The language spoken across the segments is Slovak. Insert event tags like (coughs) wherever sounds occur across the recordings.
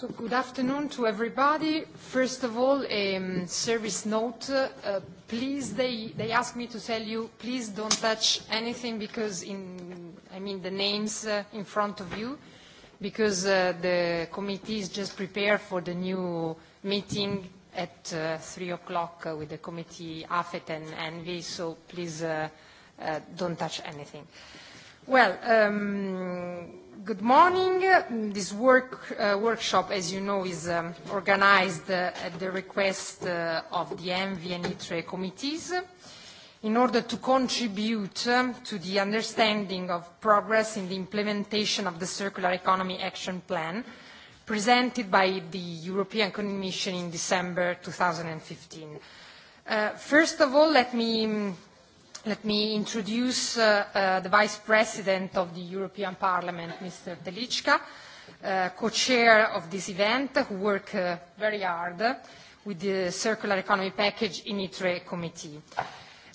So good afternoon to everybody. First of all, a um, service note. Uh, please, they, they asked me to tell you, please don't touch anything because in, I mean the names uh, in front of you, because uh, the committee is just prepared for the new meeting at uh, 3 o'clock uh, with the committee AFET and ENVI, so please uh, uh, don't touch anything. Uh, Well, um, good morning. This work, uh, workshop, as you know, is um, organized uh, at the request uh, of the ENVI and ITRE committees in order to contribute um, to the understanding of progress in the implementation of the Circular Economy Action Plan presented by the European Commission in December 2015. Uh, first of all, let me um, Let me introduce uh, uh, the Vice President of the European Parliament, Mr. Delicka, uh, co-chair of this event, who work uh, very hard with the Circular Economy Package in ITRE Committee.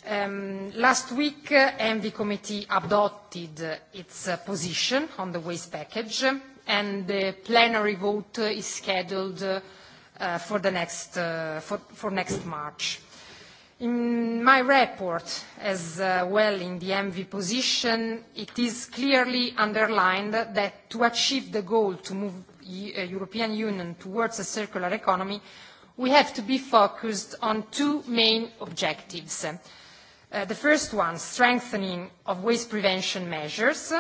Um, last week, uh, ENVI Committee adopted its uh, position on the waste package, and the plenary vote uh, is scheduled uh, for, the next, uh, for, for next March. In my report, as uh, well in the MV position, it is clearly underlined that to achieve the goal to move the uh, European Union towards a circular economy, we have to be focused on two main objectives. Uh, the first one, strengthening of waste prevention measures. Uh,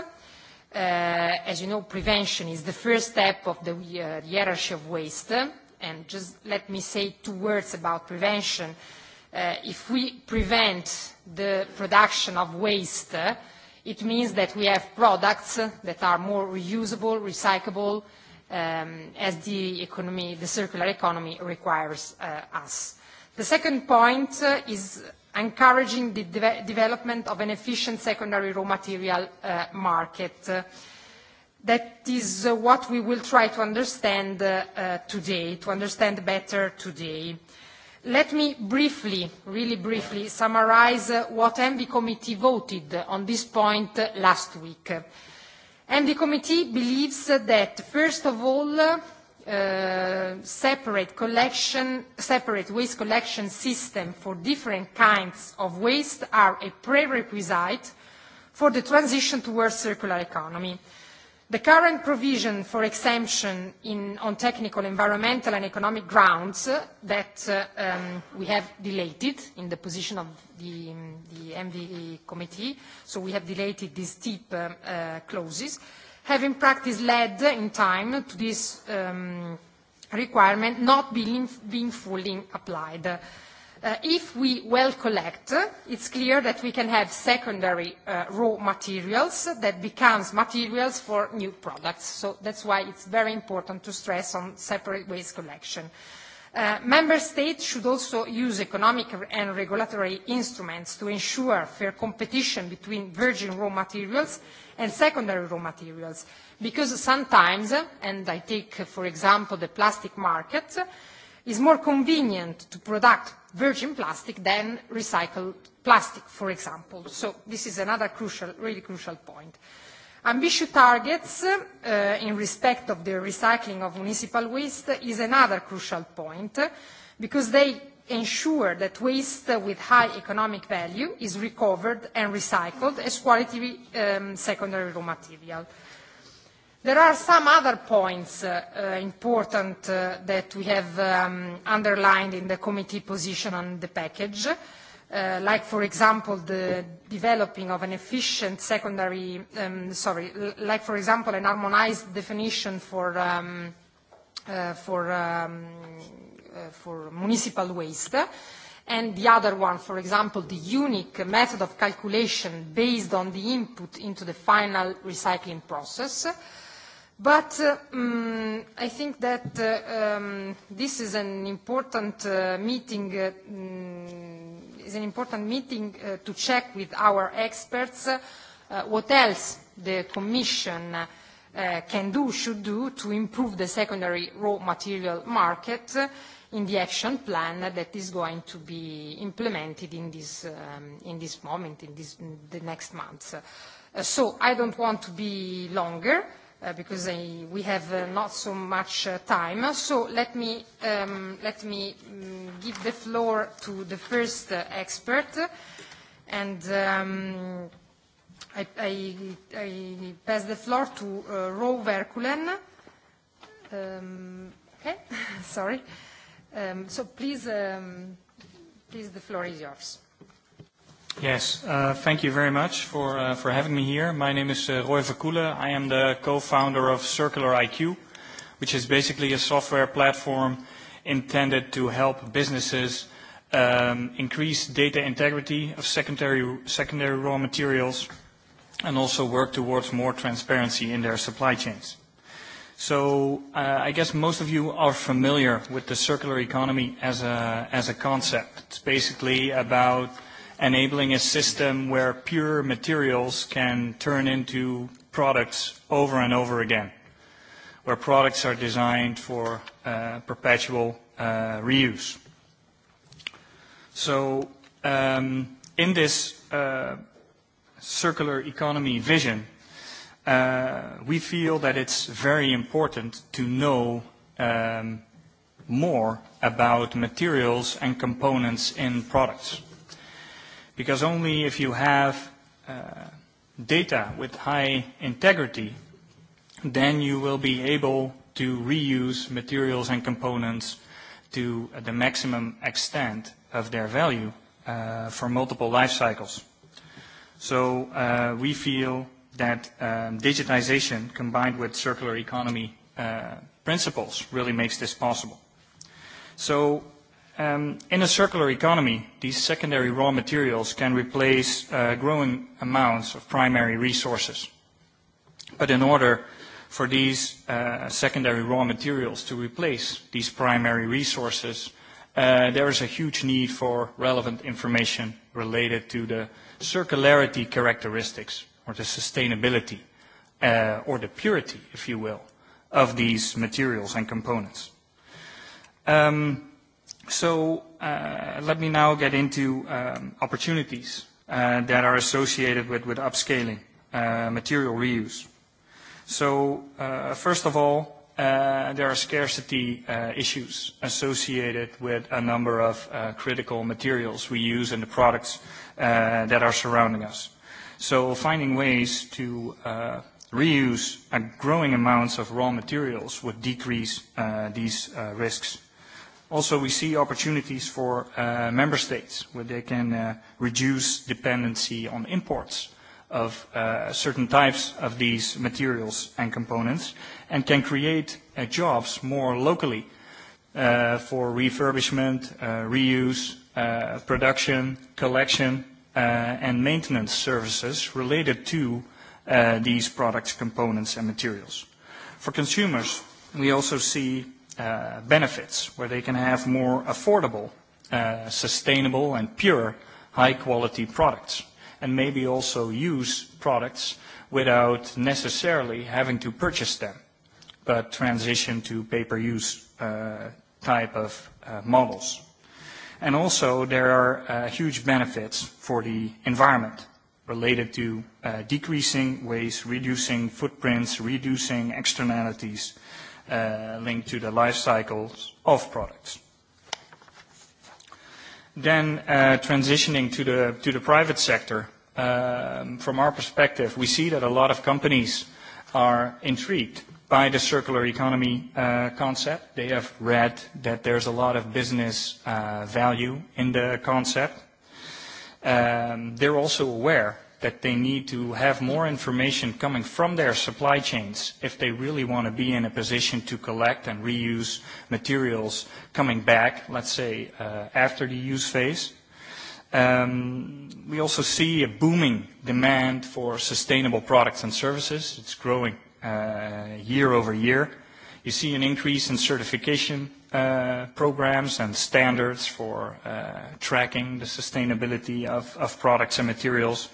as you know, prevention is the first step of the uh, hierarchy of waste. And just let me say two words about prevention. Uh, uh, if we prevent the production of waste, uh, it means that we have products that are more reusable, recyclable, um, as the, economy, the circular economy requires uh, us. The second point uh, is encouraging the de development of an efficient secondary raw material uh, market. Uh, that is uh, what we will try to understand uh, uh, today, to understand better today. Uh, Let me briefly, really briefly, summarize uh, what ENVI Committee voted on this point uh, last week. ENVI Committee believes that, first of all, uh, separate, collection, separate waste collection system for different kinds of waste are a prerequisite for the transition towards circular economy. Uh, The current provision for exemption in, on technical, environmental and economic grounds uh, that uh, um, we have deleted in the position of the, um, the MVE committee, so we have deleted these steep uh, uh, clauses, have in practice led in time to this um, requirement not being, being fully applied. Uh, if we well collect, it's clear that we can have secondary uh, raw materials that becomes materials for new products. So that's why it's very important to stress on separate waste collection. Uh, member states should also use economic and regulatory instruments to ensure fair competition between virgin raw materials and secondary raw materials, because sometimes, and I take, for example, the plastic market, is more convenient to product virgin plastic than recycled plastic, for example. So this is another crucial, really crucial point. Ambitious targets uh, in respect of the recycling of municipal waste is another crucial point because they ensure that waste with high economic value is recovered and recycled as quality um, secondary raw material. There are some other points uh, uh, important uh, that we have um, underlined in the committee position on the package, uh, like, for example, the developing of an efficient secondary, um, sorry, like, for example, an harmonized definition for, um, uh, for, um, uh, for municipal waste, and the other one, for example, the unique method of calculation based on the input into the final recycling process, uh, But uh, um, I think that uh, um, this is an important uh, meeting, uh, um, is an important meeting uh, to check with our experts uh, what else the Commission uh, can do, should do to improve the secondary raw material market in the action plan that is going to be implemented in this, um, in this moment, in, this, in the next months. Uh, so I don't want to be longer. Uh, because I, we have uh, not so much uh, time. So let me, um, let me um, give the floor to the first uh, expert. And um, I, I, I pass the floor to uh, Ro Verkulen. Um, okay, (laughs) sorry. Um, so please, um, please, the floor is yours. Yes, uh, thank you very much for, uh, for having me here. My name is uh, Roy Verkoelen. I am the co-founder of Circular IQ, which is basically a software platform intended to help businesses um, increase data integrity of secondary, secondary raw materials and also work towards more transparency in their supply chains. So uh, I guess most of you are familiar with the circular economy as a, as a concept. It's basically about enabling a system where pure materials can turn into products over and over again, where products are designed for uh, perpetual uh, reuse. So um, in this uh, circular economy vision, uh, we feel that it's very important to know um, more about materials and components in products because only if you have uh, data with high integrity, then you will be able to reuse materials and components to uh, the maximum extent of their value uh, for multiple life cycles. So uh, we feel that um, digitization combined with circular economy uh, principles really makes this possible. So Um, in a circular economy, these secondary raw materials can replace uh, growing amounts of primary resources. But in order for these uh, secondary raw materials to replace these primary resources, uh, there is a huge need for relevant information related to the circularity characteristics or the sustainability uh, or the purity, if you will, of these materials and components. Um, so uh, let me now get into um, opportunities uh, that are associated with, with upscaling uh, material reuse. So uh, first of all, uh, there are scarcity uh, issues associated with a number of uh, critical materials we use and the products uh, that are surrounding us. So finding ways to uh, reuse a growing amounts of raw materials would decrease uh, these uh, risks. Also, we see opportunities for uh, member states where they can uh, reduce dependency on imports of uh, certain types of these materials and components and can create uh, jobs more locally uh, for refurbishment, uh, reuse, uh, production, collection, uh, and maintenance services related to uh, these products, components, and materials. For consumers, we also see uh, benefits, where they can have more affordable, uh, sustainable and pure high quality products, and maybe also use products without necessarily having to purchase them, but transition to pay-per-use uh, type of uh, models. And also there are uh, huge benefits for the environment related to uh, decreasing waste, reducing footprints, reducing externalities, uh, linked to the life cycles of products. Then uh, transitioning to the, to the private sector, um, from our perspective, we see that a lot of companies are intrigued by the circular economy uh, concept. They have read that there's a lot of business uh, value in the concept. Um, they're also aware that they need to have more information coming from their supply chains if they really want to be in a position to collect and reuse materials coming back, let's say, uh, after the use phase. Um, we also see a booming demand for sustainable products and services. It's growing uh, year over year. You see an increase in certification uh, programs and standards for uh, tracking the sustainability of, of products and materials. Uh,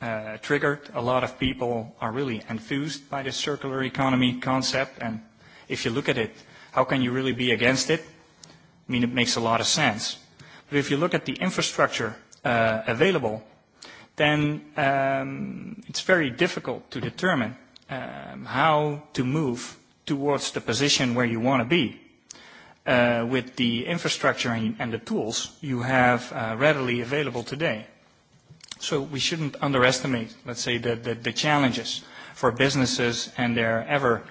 uh, triggered. A lot of people are really enthused by the circular economy concept, and if you look at it, how can you really be against it? I mean, it makes a lot of sense. But if you look at the infrastructure uh, available, then um, it's very difficult to determine um, how to move towards the position where you want to be. Uh, with the infrastructure and, and the tools you have uh, readily available today. So we shouldn't underestimate, let's say, the, the, the challenges for businesses and their ever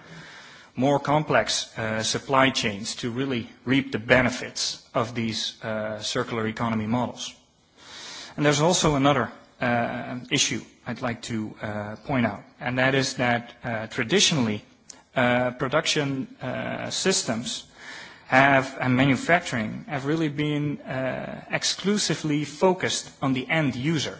more complex uh, supply chains to really reap the benefits of these uh, circular economy models. And there's also another uh, issue I'd like to uh, point out, and that is that uh, traditionally uh, production uh, systems have and manufacturing have really been uh, exclusively focused on the end user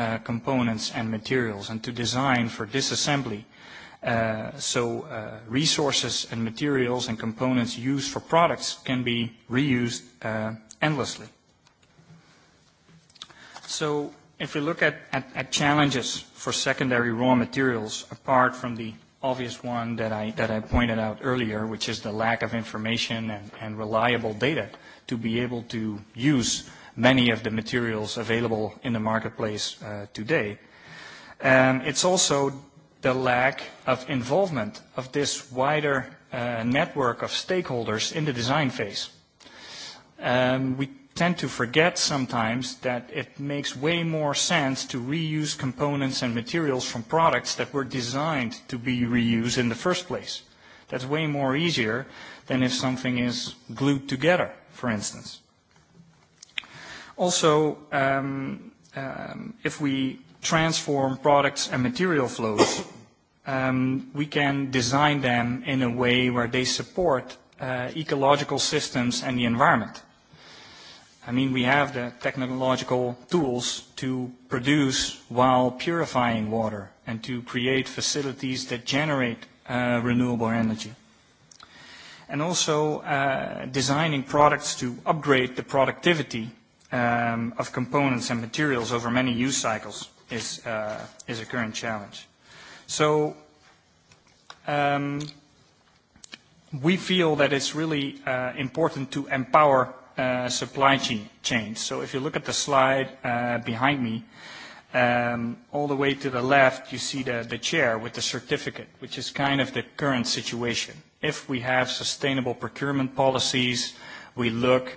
Uh, components and materials and to design for disassembly. Uh, so uh, resources and materials and components used for products can be reused uh, endlessly. So if we look at, at, at challenges for secondary raw materials, apart from the obvious one that I, that I pointed out earlier, which is the lack of information and, and reliable data to be able to use many of the materials available in the marketplace uh, today. Um, it's also the lack of involvement of this wider uh, network of stakeholders in the design phase. Um, we tend to forget sometimes that it makes way more sense to reuse components and materials from products that were designed to be reused in the first place. That's way more easier than if something is glued together, for instance. Also, um, um, if we transform products and material flows, um, we can design them in a way where they support uh, ecological systems and the environment. I mean, we have the technological tools to produce while purifying water and to create facilities that generate uh, renewable energy. And also uh, designing products to upgrade the productivity um, of components and materials over many use cycles is, uh, is a current challenge. So um, we feel that it's really uh, important to empower uh, supply chains. So if you look at the slide uh, behind me, um, all the way to the left, you see the, the chair with the certificate, which is kind of the current situation. If we have sustainable procurement policies, we look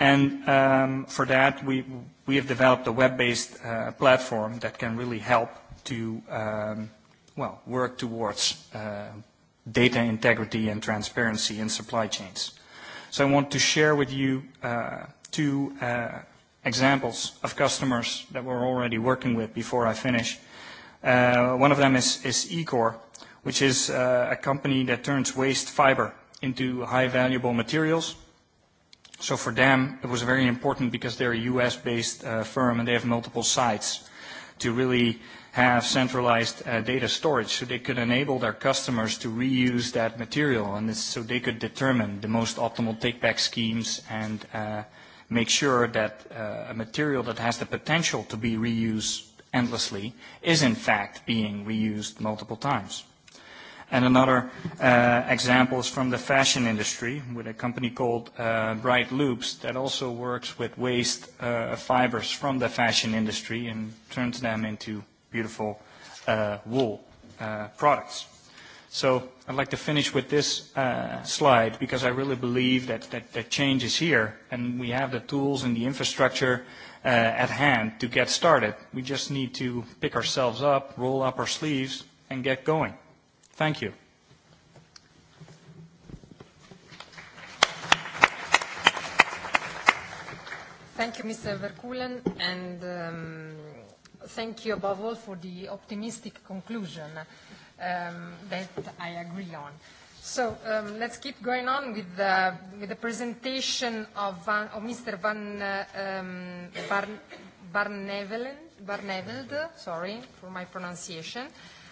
And um, for that, we, we have developed a web-based uh, platform that can really help to, um, well, work towards uh, data integrity and transparency in supply chains. So I want to share with you uh, two uh, examples of customers that we're already working with before I finish. Uh, one of them is, is Ecor, which is uh, a company that turns waste fiber into high valuable materials so for them, it was very important because they're a US-based uh, firm and they have multiple sites to really have centralized uh, data storage so they could enable their customers to reuse that material and this, so they could determine the most optimal take-back schemes and uh, make sure that uh, a material that has the potential to be reused endlessly is in fact being reused multiple times. And another uh, example is from the fashion industry with a company called uh, Bright Loops that also works with waste uh, fibers from the fashion industry and turns them into beautiful uh, wool uh, products. So I'd like to finish with this uh, slide because I really believe that, that, that change is here and we have the tools and the infrastructure uh, at hand to get started. We just need to pick ourselves up, roll up our sleeves, and get going. Thank you. Thank you, Mr. Verkulen, and um, thank you above all for the optimistic conclusion um, that I agree on. So um, let's keep going on with the, with the presentation of, Van, of Mr. Van uh, um, Barneveld, Barneveld, sorry for my pronunciation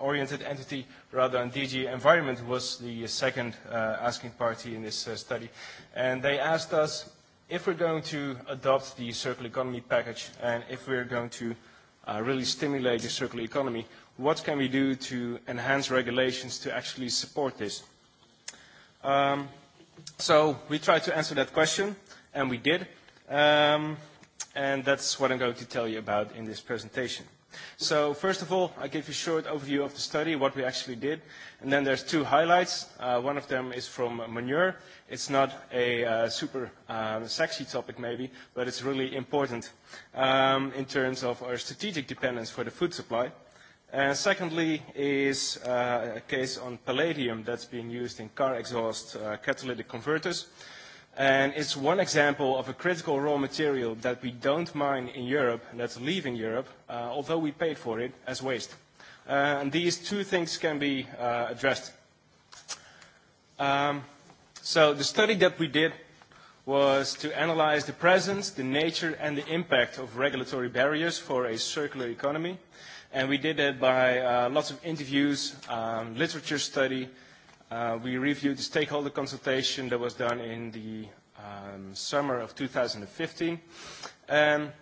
oriented entity rather than DG Environment was the second uh, asking party in this uh, study. And they asked us if we're going to adopt the circular economy package and if we're going to uh, really stimulate the circular economy, what can we do to enhance regulations to actually support this? Um, so we tried to answer that question, and we did. Um, and that's what I'm going to tell you about in this presentation. So first of all, I give you a short overview of the study, what we actually did, and then there's two highlights. Uh, one of them is from manure. It's not a uh, super um, sexy topic maybe, but it's really important um, in terms of our strategic dependence for the food supply. And secondly is uh, a case on palladium that's being used in car exhaust uh, catalytic converters. Uh, And it's one example of a critical raw material that we don't mine in Europe, and that's leaving Europe, uh, although we paid for it as waste. Uh, and these two things can be uh, addressed. Um, so the study that we did was to analyze the presence, the nature, and the impact of regulatory barriers for a circular economy. And we did that by uh, lots of interviews, um, literature study, Uh, we reviewed the stakeholder consultation that was done in the um, summer of 2015. Um,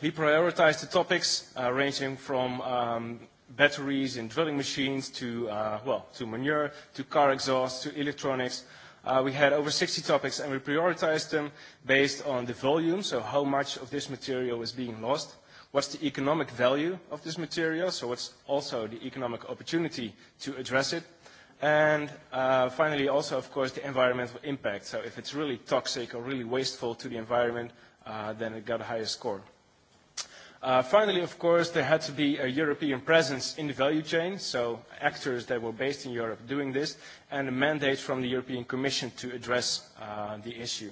we prioritized the topics uh, ranging from um, batteries in drilling machines to, uh, well, to manure, to car exhaust, to electronics. Uh, we had over 60 topics and we prioritized them based on the volume, so how much of this material is being lost, what's the economic value of this material, so what's also the economic opportunity to address it, And uh, finally, also, of course, the environmental impact. So if it's really toxic or really wasteful to the environment, uh, then it got a higher score. Uh, finally, of course, there had to be a European presence in the value chain, so actors that were based in Europe doing this, and a mandate from the European Commission to address uh, the issue.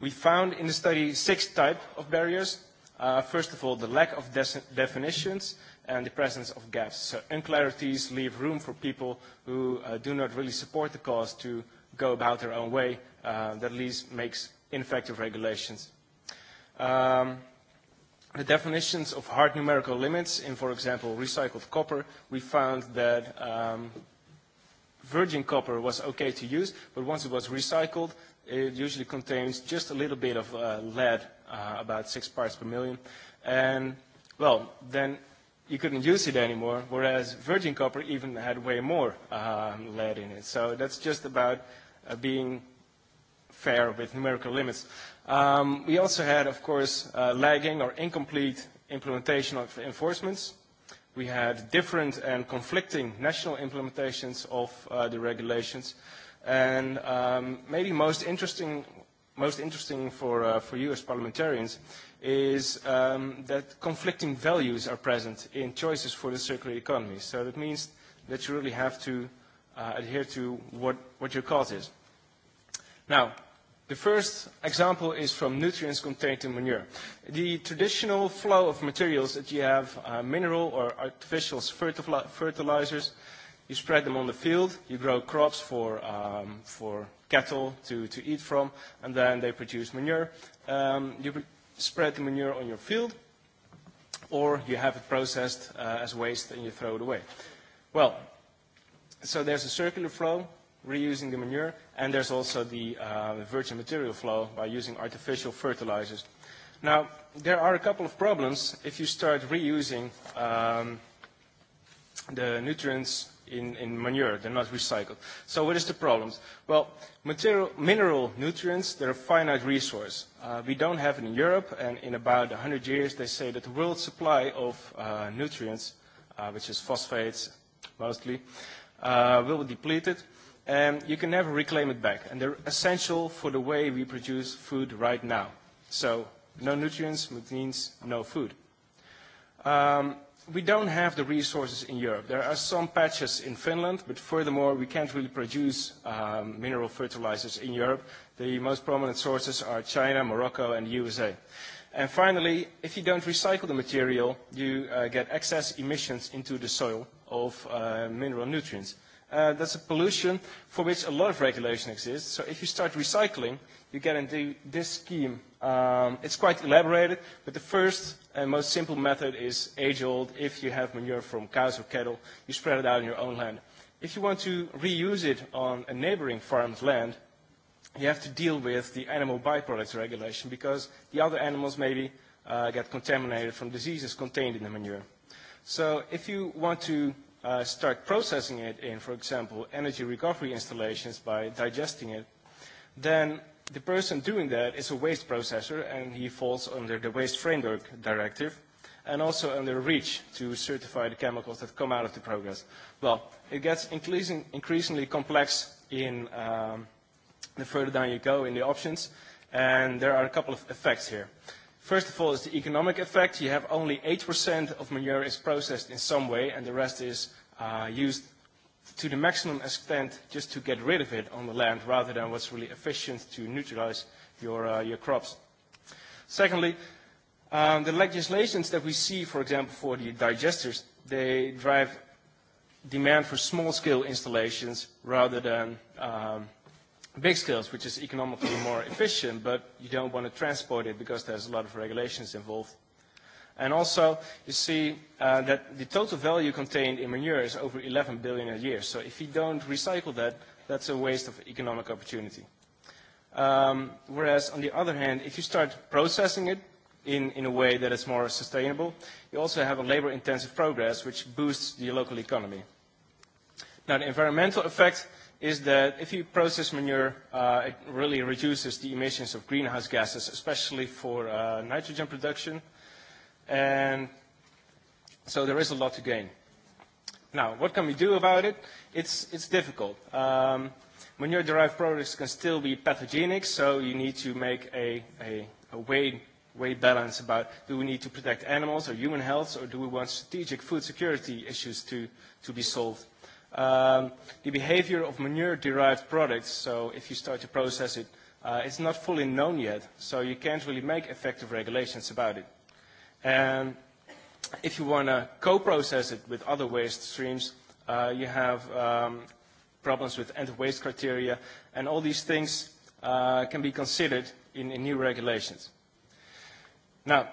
We found in the study six types of barriers. Uh, first of all, the lack of definitions, and the presence of gaps. So unclarities leave room for people who uh, do not really support the cause to go about their own way. Uh, that at least makes ineffective regulations. Um, the definitions of hard numerical limits in, for example, recycled copper, we found that um, virgin copper was okay to use, but once it was recycled, it usually contains just a little bit of uh, lead, uh, about six parts per million. And, well, then you couldn't use it anymore, whereas virgin copper even had way more um, lead in it. So that's just about uh, being fair with numerical limits. Um, we also had, of course, uh, lagging or incomplete implementation of enforcements. We had different and conflicting national implementations of uh, the regulations. And um, maybe most interesting, most interesting for, uh, for you as parliamentarians is um, that conflicting values are present in choices for the circular economy. So that means that you really have to uh, adhere to what, what your cause is. Now, the first example is from nutrients contained in manure. The traditional flow of materials that you have, uh, mineral or artificial fertilizers, you spread them on the field, you grow crops for, um, for cattle to, to eat from, and then they produce manure. Um, you spread the manure on your field, or you have it processed uh, as waste and you throw it away. Well, so there's a circular flow, reusing the manure, and there's also the uh, virgin material flow by using artificial fertilizers. Now, there are a couple of problems if you start reusing um, the nutrients in, in manure. They're not recycled. So what is the problem? Well, material, mineral nutrients, they're a finite resource. Uh, we don't have it in Europe, and in about 100 years, they say that the world supply of uh, nutrients, uh, which is phosphates mostly, uh, will be depleted, and you can never reclaim it back. And they're essential for the way we produce food right now. So no nutrients means no food. Um, we don't have the resources in Europe. There are some patches in Finland, but furthermore, we can't really produce um, mineral fertilizers in Europe. The most prominent sources are China, Morocco, and the USA. And finally, if you don't recycle the material, you uh, get excess emissions into the soil of uh, mineral nutrients. Uh, that's a pollution for which a lot of regulation exists. So if you start recycling, you get into this scheme. Um, it's quite elaborated, but the first and most simple method is age-old. If you have manure from cows or cattle, you spread it out on your own land. If you want to reuse it on a neighboring farm's land, you have to deal with the animal byproducts regulation because the other animals maybe uh, get contaminated from diseases contained in the manure. So if you want to uh, start processing it in, for example, energy recovery installations by digesting it, then the person doing that is a waste processor and he falls under the Waste Framework Directive and also under REACH to certify the chemicals that come out of the progress. Well, it gets increasing, increasingly complex in um, the further down you go in the options and there are a couple of effects here. First of all is the economic effect. You have only 8% of manure is processed in some way and the rest is uh, used to the maximum extent just to get rid of it on the land rather than what's really efficient to neutralize your, uh, your crops. Secondly, um, the legislations that we see, for example, for the digesters, they drive demand for small-scale installations rather than um, big scales, which is economically more efficient, but you don't want to transport it because there's a lot of regulations involved And also, you see uh, that the total value contained in manure is over 11 billion a year. So if you don't recycle that, that's a waste of economic opportunity. Um, whereas, on the other hand, if you start processing it in, in a way that is more sustainable, you also have a labor-intensive progress, which boosts the local economy. Now, the environmental effect is that if you process manure, uh, it really reduces the emissions of greenhouse gases, especially for uh, nitrogen production – And so there is a lot to gain. Now, what can we do about it? It's, it's difficult. Um, manure-derived products can still be pathogenic, so you need to make a, a, a weight weight balance about do we need to protect animals or human health, or do we want strategic food security issues to, to be solved? Um, the behavior of manure-derived products, so if you start to process it, uh, it's not fully known yet, so you can't really make effective regulations about it. And if you want to co-process it with other waste streams, uh, you have um, problems with end-waste criteria, and all these things uh, can be considered in, in new regulations. Now,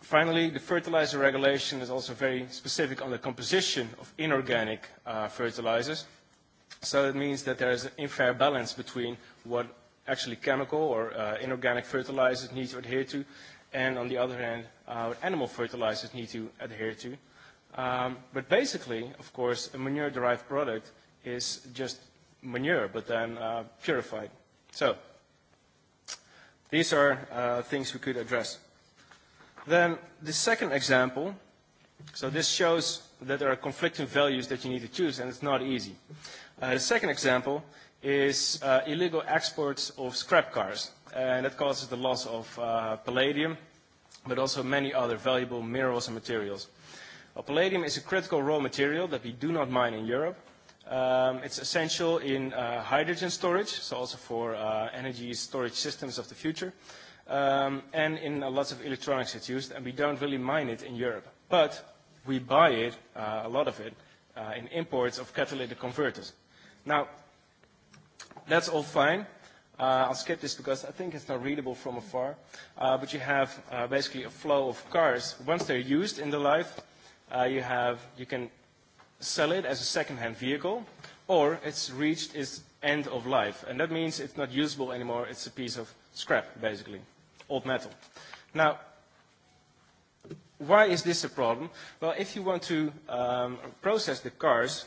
finally, the fertilizer regulation is also very specific on the composition of inorganic uh, fertilizers. So it means that there is an unfair balance between what actually chemical or uh, inorganic fertilizers need to adhere to and on the other hand, uh, what animal fertilizers need to adhere to. Um, but basically, of course, a manure-derived product is just manure, but then uh, purified. So these are uh, things we could address. Then the second example, so this shows that there are conflicting values that you need to choose, and it's not easy. Uh, the second example is uh, illegal exports of scrap cars and that causes the loss of uh, palladium, but also many other valuable minerals and materials. Well, palladium is a critical raw material that we do not mine in Europe. Um, it's essential in uh, hydrogen storage, so also for uh, energy storage systems of the future, um, and in uh, lots of electronics it's used, and we don't really mine it in Europe. But we buy it, uh, a lot of it, uh, in imports of catalytic converters. Now, that's all fine, Uh, I'll skip this because I think it's not readable from afar. Uh, but you have uh, basically a flow of cars. Once they're used in the life, uh, you, have, you can sell it as a second-hand vehicle, or it's reached its end of life. And that means it's not usable anymore. It's a piece of scrap, basically, old metal. Now, why is this a problem? Well, if you want to um, process the cars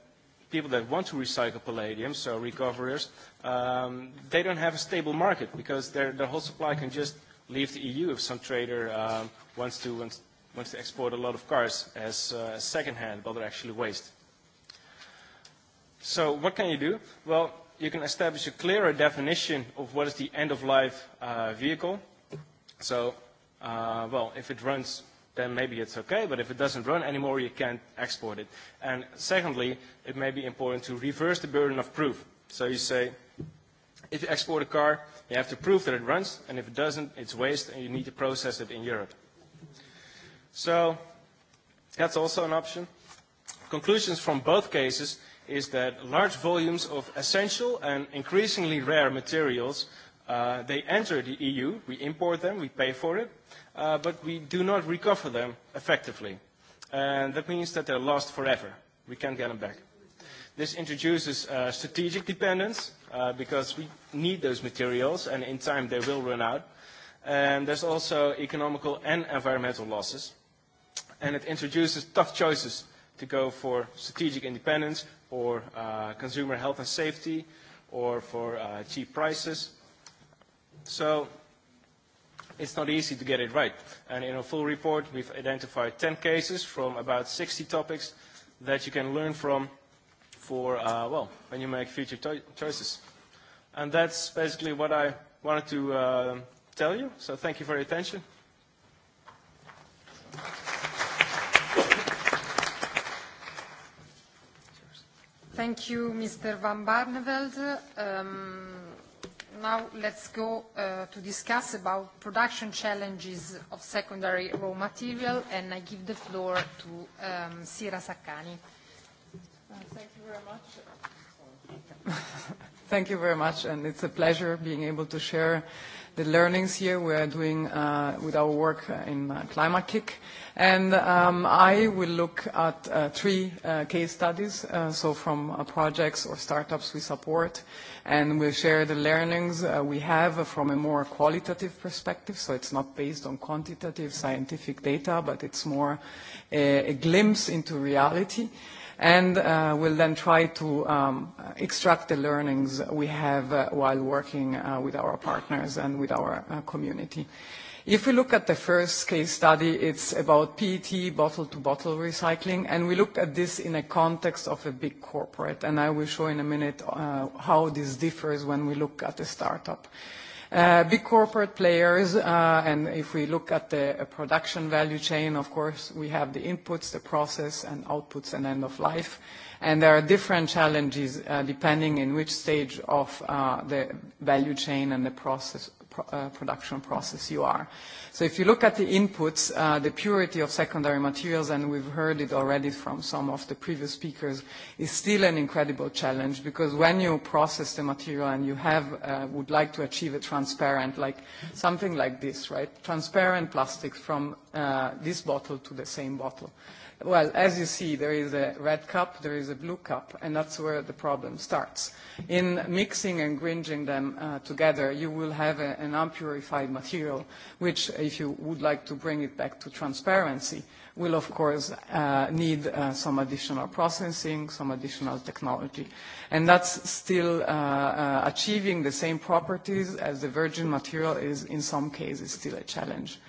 people that want to recycle palladium, so recoverers, um, they don't have a stable market because their, their whole supply can just leave the EU if some trader um, wants, to, wants, wants to export a lot of cars as uh, secondhand, but they're actually waste. So what can you do? Well, you can establish a clearer definition of what is the end-of-life uh, vehicle. So, uh, well, if it runs then maybe it's okay, but if it doesn't run anymore, you can't export it. And secondly, it may be important to reverse the burden of proof. So you say, if you export a car, you have to prove that it runs, and if it doesn't, it's waste, and you need to process it in Europe. So that's also an option. Conclusions from both cases is that large volumes of essential and increasingly rare materials Uh, they enter the EU, we import them, we pay for it, uh, but we do not recover them effectively. And that means that they're lost forever. We can't get them back. This introduces uh, strategic dependence uh, because we need those materials and in time they will run out. And there's also economical and environmental losses. And it introduces tough choices to go for strategic independence or uh, consumer health and safety or for uh, cheap prices so it's not easy to get it right. And in a full report, we've identified 10 cases from about 60 topics that you can learn from for, uh, well, when you make future choices. And that's basically what I wanted to uh, tell you. So thank you for your attention. Thank you, Mr. Van Barneveld. Um, now let's go uh, to discuss about production challenges of secondary raw material, and I give the floor to um, Sira Saccani. Uh, thank you very much. (laughs) thank you very much, and it's a pleasure being able to share the learnings here we are doing uh, with our work uh, in uh, Climate Kick. And um, I will look at uh, three uh, case studies, uh, so from uh, projects or startups we support, and we'll share the learnings uh, we have from a more qualitative perspective, so it's not based on quantitative scientific data, but it's more a, a glimpse into reality and uh, we'll then try to um, extract the learnings we have uh, while working uh, with our partners and with our uh, community. If we look at the first case study, it's about PET bottle-to-bottle recycling, and we look at this in a context of a big corporate, and I will show in a minute uh, how this differs when we look at a startup. Uh, big corporate players, uh, and if we look at the uh, production value chain, of course, we have the inputs, the process, and outputs, and end of life. And there are different challenges uh, depending in which stage of uh, the value chain and the process Uh, production process you are. So if you look at the inputs, uh, the purity of secondary materials, and we've heard it already from some of the previous speakers, is still an incredible challenge because when you process the material and you have, uh, would like to achieve a transparent, like something like this, right? Transparent plastics from uh, this bottle to the same bottle Well, as you see, there is a red cup, there is a blue cup, and that's where the problem starts. In mixing and gringing them uh, together, you will have a, an unpurified material, which, if you would like to bring it back to transparency, will of course uh, need uh, some additional processing, some additional technology. And that's still uh, uh, achieving the same properties as the virgin material is in some cases still a challenge.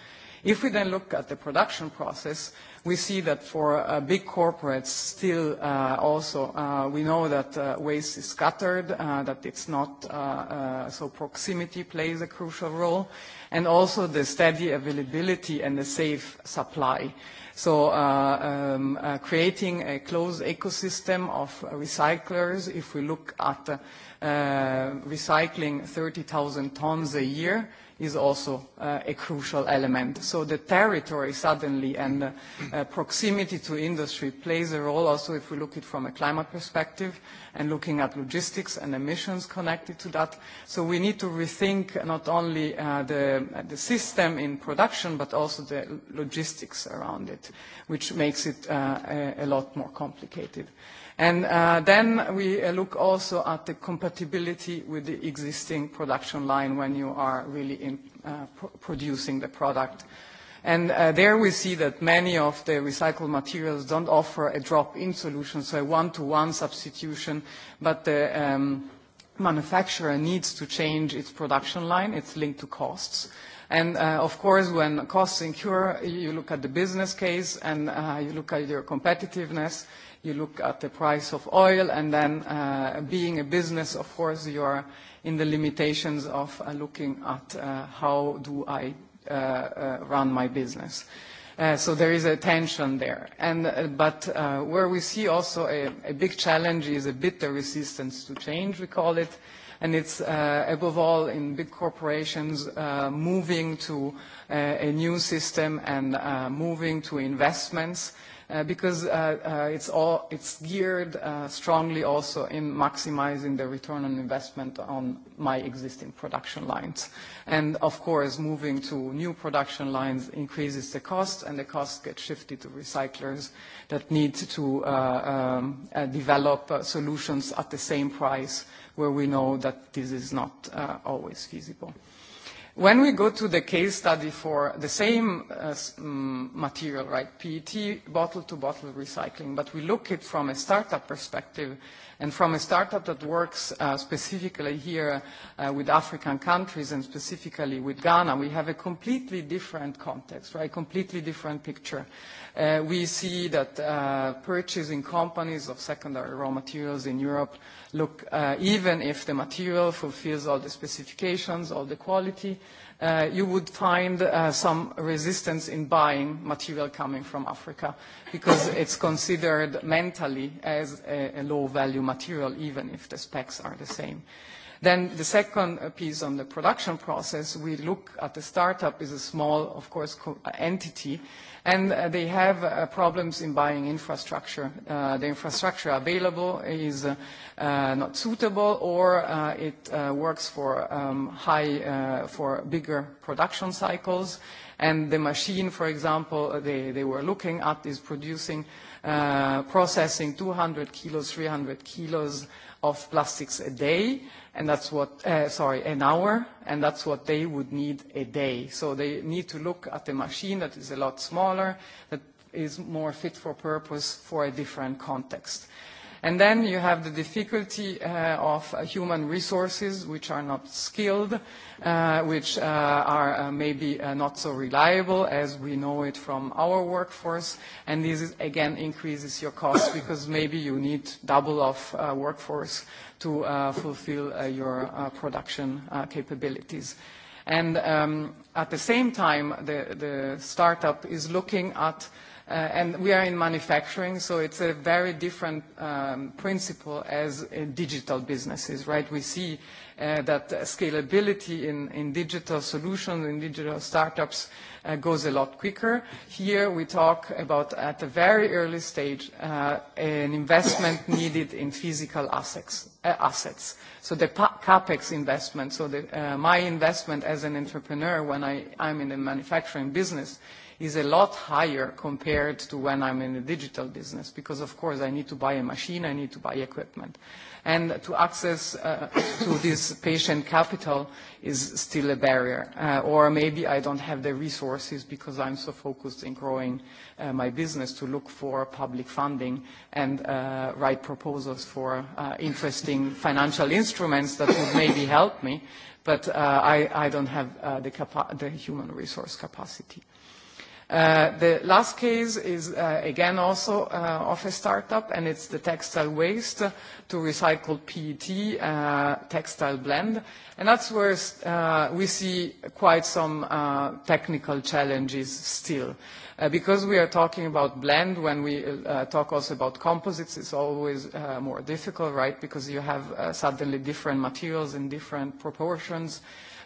If we then look at the production process, we see that for uh, big corporates still uh, also, uh, we know that uh, waste is scattered, uh, that it's not, uh, uh, so proximity plays a crucial role, and also the steady availability and the safe supply. So uh, um, uh, creating a closed ecosystem of recyclers, if we look at uh, uh, recycling 30,000 tons a year, is also uh, a crucial element. So the territory suddenly and uh, uh, proximity to industry plays a role also if we look at it from a climate perspective and looking at logistics and emissions connected to that. So we need to rethink not only uh, the, the system in production but also the logistics around it, which makes it uh, a, a lot more complicated. Uh, And uh, then we uh, look also at the compatibility with the existing production line when you are really in, uh, producing the product. And uh, there we see that many of the recycled materials don't offer a drop-in solution, so a one-to-one -one substitution, but the um, manufacturer needs to change its production line. It's linked to costs. And uh, Of course, when costs incur, you look at the business case and uh, you look at your competitiveness, you look at the price of oil, and then uh, being a business, of course, you are in the limitations of uh, looking at uh, how do I uh, uh, run my business. Uh, so there is a tension there. And, uh, but uh, where we see also a, a big challenge is a bit the resistance to change, we call it, and it's uh, above all in big corporations uh, moving to uh, a new system and uh, moving to investments Uh, because uh, uh, it's, all, it's geared uh, strongly also in maximizing the return on investment on my existing production lines. And of course, moving to new production lines increases the cost, and the costs get shifted to recyclers that need to uh, um, uh, develop uh, solutions at the same price where we know that this is not uh, always feasible. When we go to the case study for the same uh, mm, material, right, PET bottle-to-bottle -bottle recycling, but we look it from a startup perspective and from a startup that works uh, specifically here uh, with African countries and specifically with Ghana, we have a completely different context, right, completely different picture. Uh, we see that uh, purchasing companies of secondary raw materials in Europe look, uh, even if the material fulfills all the specifications, all the quality, uh, you would find uh, some resistance in buying material coming from Africa because it's considered mentally as a, a low-value material, even if the specs are the same. Then the second uh, piece on the production process, we look at the startup is a small, of course, co uh, entity, and they have uh, problems in buying infrastructure. Uh, the infrastructure available is uh, uh, not suitable or uh, it uh, works for um, high, uh, for bigger production cycles. And the machine, for example, uh, they, they were looking at is producing, uh, processing 200 kilos, 300 kilos of plastics a day and that's what, uh, sorry, an hour, and that's what they would need a day. So they need to look at a machine that is a lot smaller, that is more fit for purpose for a different context. And then you have the difficulty uh, of uh, human resources, which are not skilled, uh, which uh, are uh, maybe uh, not so reliable as we know it from our workforce. And this, is, again, increases your cost (coughs) because maybe you need double of uh, workforce to uh, fulfill uh, your uh, production uh, capabilities. And um, at the same time, the, the startup is looking at Uh, and we are in manufacturing, so it's a very different um, principle as in digital businesses, right? We see uh, that scalability in, in digital solutions, in digital startups, uh, goes a lot quicker. Here we talk about, at a very early stage, uh, an investment needed in physical assets. Uh, assets. So the CapEx investment, so the, uh, my investment as an entrepreneur when I, I'm in the manufacturing business, uh, is a lot higher compared to when I'm in the digital business because, of course, I need to buy a machine, I need to buy equipment. And to access uh, to this patient capital is still a barrier. Uh, or maybe I don't have the resources because I'm so focused in growing uh, my business to look for public funding and uh, write proposals for uh, interesting financial instruments that would maybe help me, but uh, I, I don't have uh, the, capa the human resource capacity. Uh, the last case is, uh, again, also uh, of a startup, and it's the textile waste to recycle PET uh, textile blend. And that's where uh, we see quite some uh, technical challenges still. Uh, because we are talking about blend, when we uh, talk also about composites, it's always uh, more difficult, right? Because you have uh, suddenly different materials in different proportions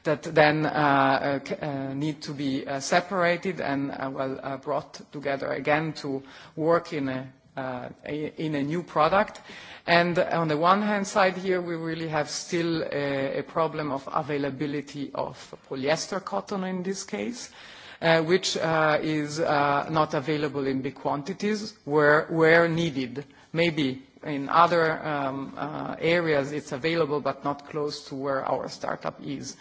that then uh, uh, uh, need to be uh, separated and uh, well uh, brought together again to work in a, uh, a, in a new product. And on the one hand side here, we really have still a, a problem of availability of polyester cotton in this case. Uh, which uh, is uh, not available in big quantities where, where needed. Maybe in other um, uh, areas it's available but not close to where our startup is.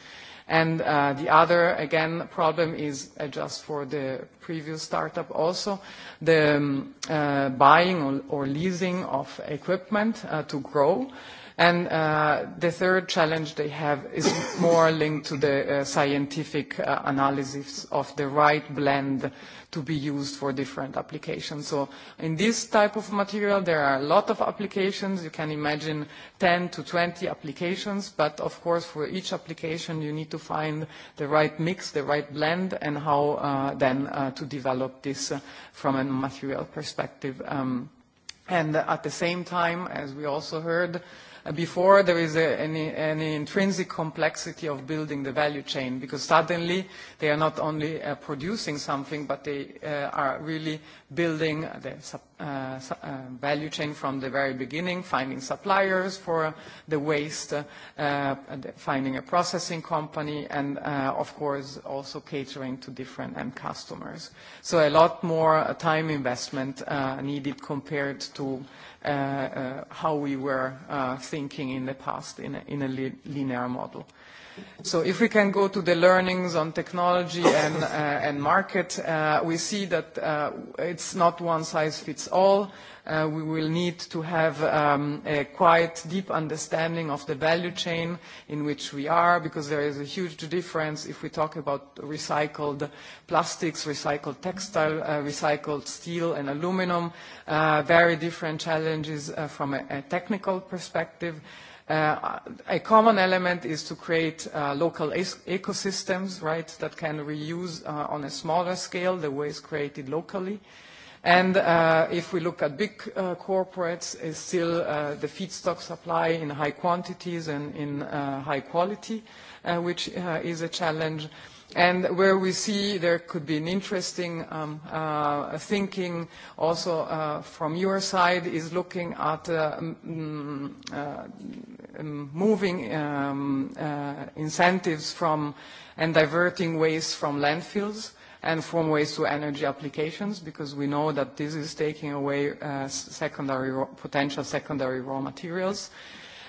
And uh, the other, again, problem is uh, just for the previous startup also, the um, uh, buying or, or leasing of equipment uh, to grow. Uh, And uh, the third challenge they have is more linked to the uh, scientific uh, analysis of the right blend to be used for different applications. So in this type of material, there are a lot of applications. You can imagine 10 to 20 applications, but of course for each application you need to find the right mix, the right blend, and how uh, then uh, to develop this uh, from a material perspective. Um, and at the same time, as we also heard, before there is a, any, any intrinsic complexity of building the value chain because suddenly they are not only uh, producing something but they uh, are really building the uh, uh, value chain from the very beginning, finding suppliers for the waste, uh, finding a processing company and uh, of course also catering to different end customers. So a lot more uh, time investment uh, needed compared to uh, uh, how we were uh, thinking in the past in a, in a li linear model. So if we can go to the learnings on technology and, uh, and market, uh, we see that uh, it's not one size fits all uh, we will need to have um, a quite deep understanding of the value chain in which we are, because there is a huge difference if we talk about recycled plastics, recycled textile, uh, recycled steel and aluminum, uh, very different challenges uh, from a, a technical perspective. Uh, a common element is to create uh, local e-, ecosystems, right, that can reuse uh, on a smaller scale the waste created locally. Uh, And uh, If we look at big uh, corporates, it's still uh, the feedstock supply in high quantities and in uh, high quality, uh, which uh, is a challenge. And Where we see there could be an interesting um, thinking also from your side is looking at um, moving um, incentives from and diverting waste from landfills and from waste to energy applications, because we know that this is taking away uh, secondary, potential secondary raw materials.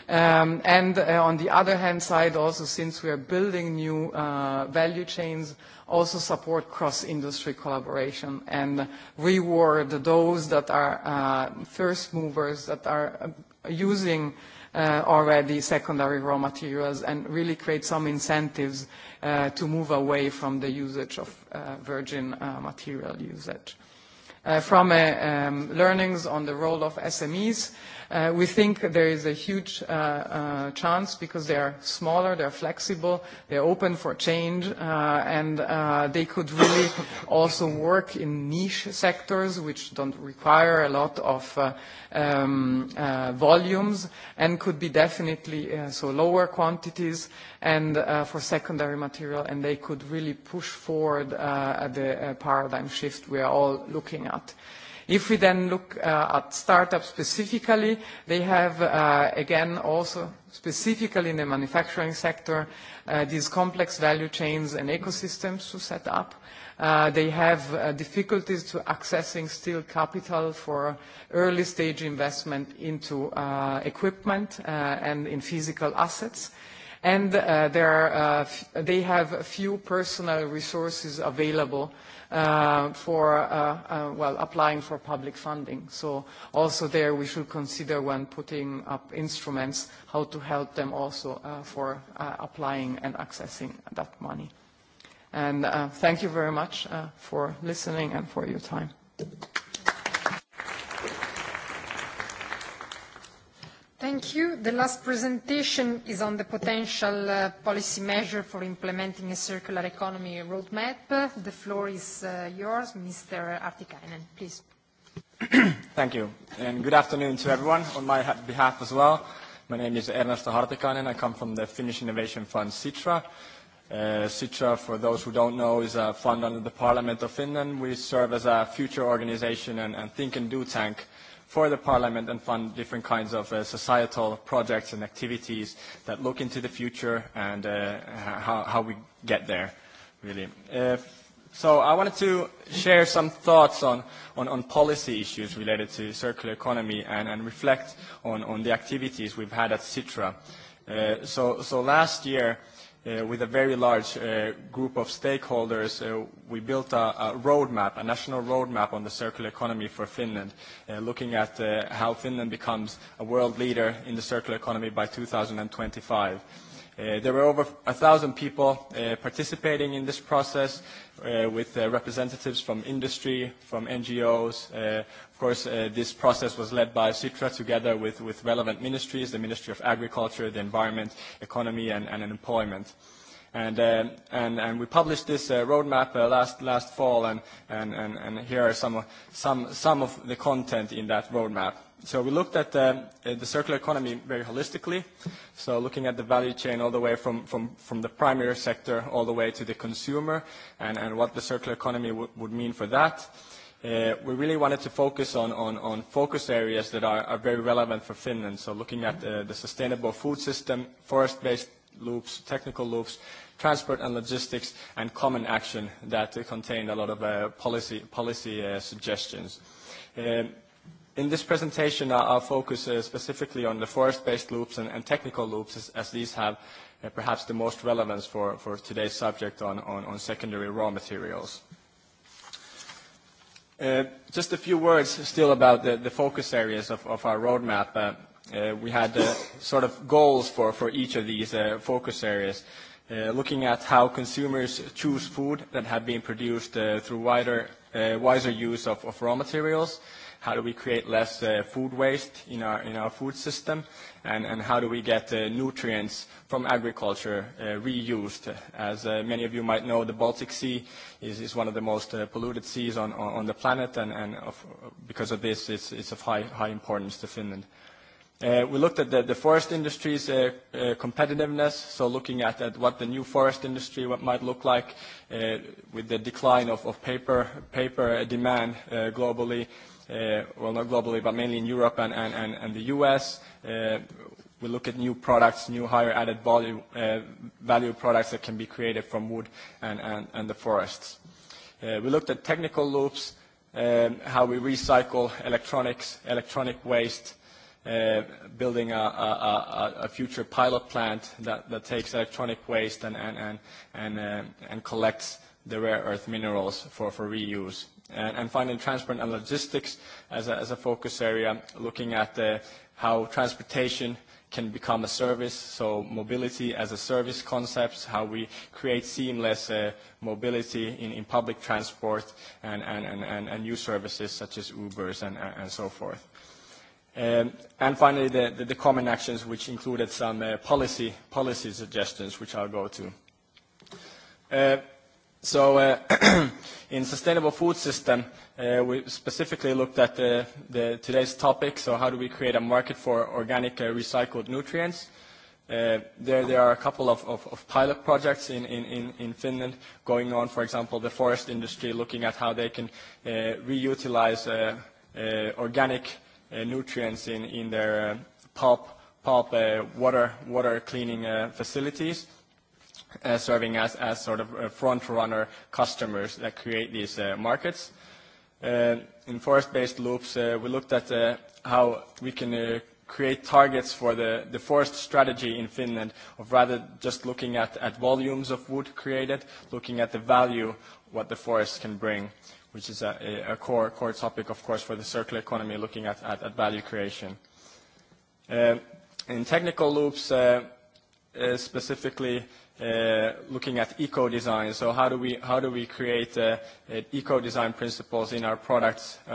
Um, and uh, on the other hand side, also since we are building new uh, value chains, also support cross-industry collaboration and reward those that are uh, first movers that are uh, using uh, uh, already secondary raw materials and really create some incentives uh, to move away from the usage of uh, virgin uh, material usage. Uh, from uh, um, learnings on the role of SMEs, Uh, we think there is a huge uh, uh, chance because they are smaller, they are flexible, they are open for change, uh, and uh, they could really also work in niche sectors which don't require a lot of uh, um, uh, volumes and could be definitely uh, so lower quantities and uh, for secondary material, and they could really push forward uh, the uh, paradigm shift we are all looking at. If we then look uh, at startups specifically, they have, uh, again, also specifically in the manufacturing sector, uh, these complex value chains and ecosystems to set up. Uh, they have uh, difficulties to accessing still capital for early stage investment into uh, equipment uh, and in physical assets and uh, there are, uh, they have few personal resources available uh, for uh, uh, well applying for public funding. So also there we should consider when putting up instruments how to help them also uh, for uh, applying and accessing that money. And uh, thank you very much uh, for listening and for your time. Thank you. The last presentation is on the potential uh, policy measure for implementing a circular economy roadmap. The floor is uh, yours, Mr. Artikainen, please. (clears throat) Thank you, and good afternoon to everyone on my behalf as well. My name is Ernesto Hartikainen. I come from the Finnish Innovation Fund, Sitra. Uh, Sitra, for those who don't know, is a fund under the Parliament of Finland. We serve as a future organization and, and think and do tank for the Parliament and fund different kinds of uh, societal projects and activities that look into the future and uh, how, how we get there, really. Uh, so I wanted to share some thoughts on, on, on policy issues related to circular economy and, and reflect on, on the activities we've had at Citra. Uh, so, so last year, uh, uh, with a very large uh, group of stakeholders, uh, we built a, a roadmap, a national roadmap on the circular economy for Finland, uh, looking at uh, how Finland becomes a world leader in the circular economy by 2025. Uh, there were over a thousand people uh, participating in this process uh, with uh, representatives from industry, from NGOs, uh, Of course, uh, this process was led by CITRA together with, with relevant ministries, the Ministry of Agriculture, the Environment, Economy, and, and Employment. And, uh, and, and we published this uh, roadmap uh, last, last fall, and, and, and, and here are some, of some, some of the content in that roadmap. So we looked at uh, the circular economy very holistically, so looking at the value chain all the way from, from, from the primary sector all the way to the consumer, and, and what the circular economy would mean for that uh, we really wanted to focus on, on, on focus areas that are, are very relevant for Finland. So looking at uh, the sustainable food system, forest-based loops, technical loops, transport and logistics, and common action that uh, contained a lot of uh, policy, policy uh, suggestions. Um, in this presentation, I'll, focus uh, specifically on the forest-based loops and, and technical loops, as, as these have uh, perhaps the most relevance for, for today's subject on, on, on secondary raw materials. Uh, Uh, just a few words still about the, the focus areas of, our roadmap. Uh, uh, we had sort of goals for, each of these focus areas, looking at how consumers choose food that have been produced through wiser use of, raw materials, how do we create less uh, food waste in our, in our food system, and, and how do we get uh, nutrients from agriculture uh, reused. As uh, many of you might know, the Baltic Sea is, is one of the most uh, polluted seas on, on the planet, and, and of, because of this, it's, it's of high, high importance to Finland. Uh, Uh, we looked at the, forest industry's uh, uh, competitiveness, so looking at, what the new forest industry might look like with the decline of, paper, demand globally, well, not globally, but mainly in Europe and, the US. we look at new products, new higher added value, products that can be created from wood and, the forests. we looked at technical loops, um, how we recycle electronics, electronic waste, uh, building a, a, a future pilot plant that, that takes electronic waste and, and, and, and, uh and collects the rare earth minerals for, for reuse. And, and finally, transport and logistics as a, as a focus area, looking at uh, how transportation can become a service, so mobility as a service concepts, how we create seamless uh, mobility in, in public transport and, and, and, and new services such as Ubers and, and so forth. Um, and finally, the, the, the common actions, which included some uh, policy, policy suggestions, which I'll go to. Uh, so uh, (clears throat) in sustainable food system, uh, we specifically looked at the, the, today's topic, so how do we create a market for organic uh, recycled nutrients. Uh, there, there are a couple of, of, of pilot projects in, in, in Finland going on, for example, the forest industry looking at how they can uh, reutilize uh, uh, organic uh, nutrients in, in their uh, pulp, pulp uh, water, water cleaning uh, facilities, uh, serving as, as sort of uh, front-runner customers that create these uh, markets. Uh, in forest-based loops, uh, we looked at uh, how we can uh, create targets for the, the forest strategy in Finland of rather just looking at, at volumes of wood created, looking at the value what the forest can bring. Uh, which is a, a core, core topic, of course, for the circular economy, looking at, at, at value creation. Uh, in technical loops, uh, uh, specifically uh, looking at eco-design, so how do we, how do we create uh, uh, eco-design principles in our products? Uh,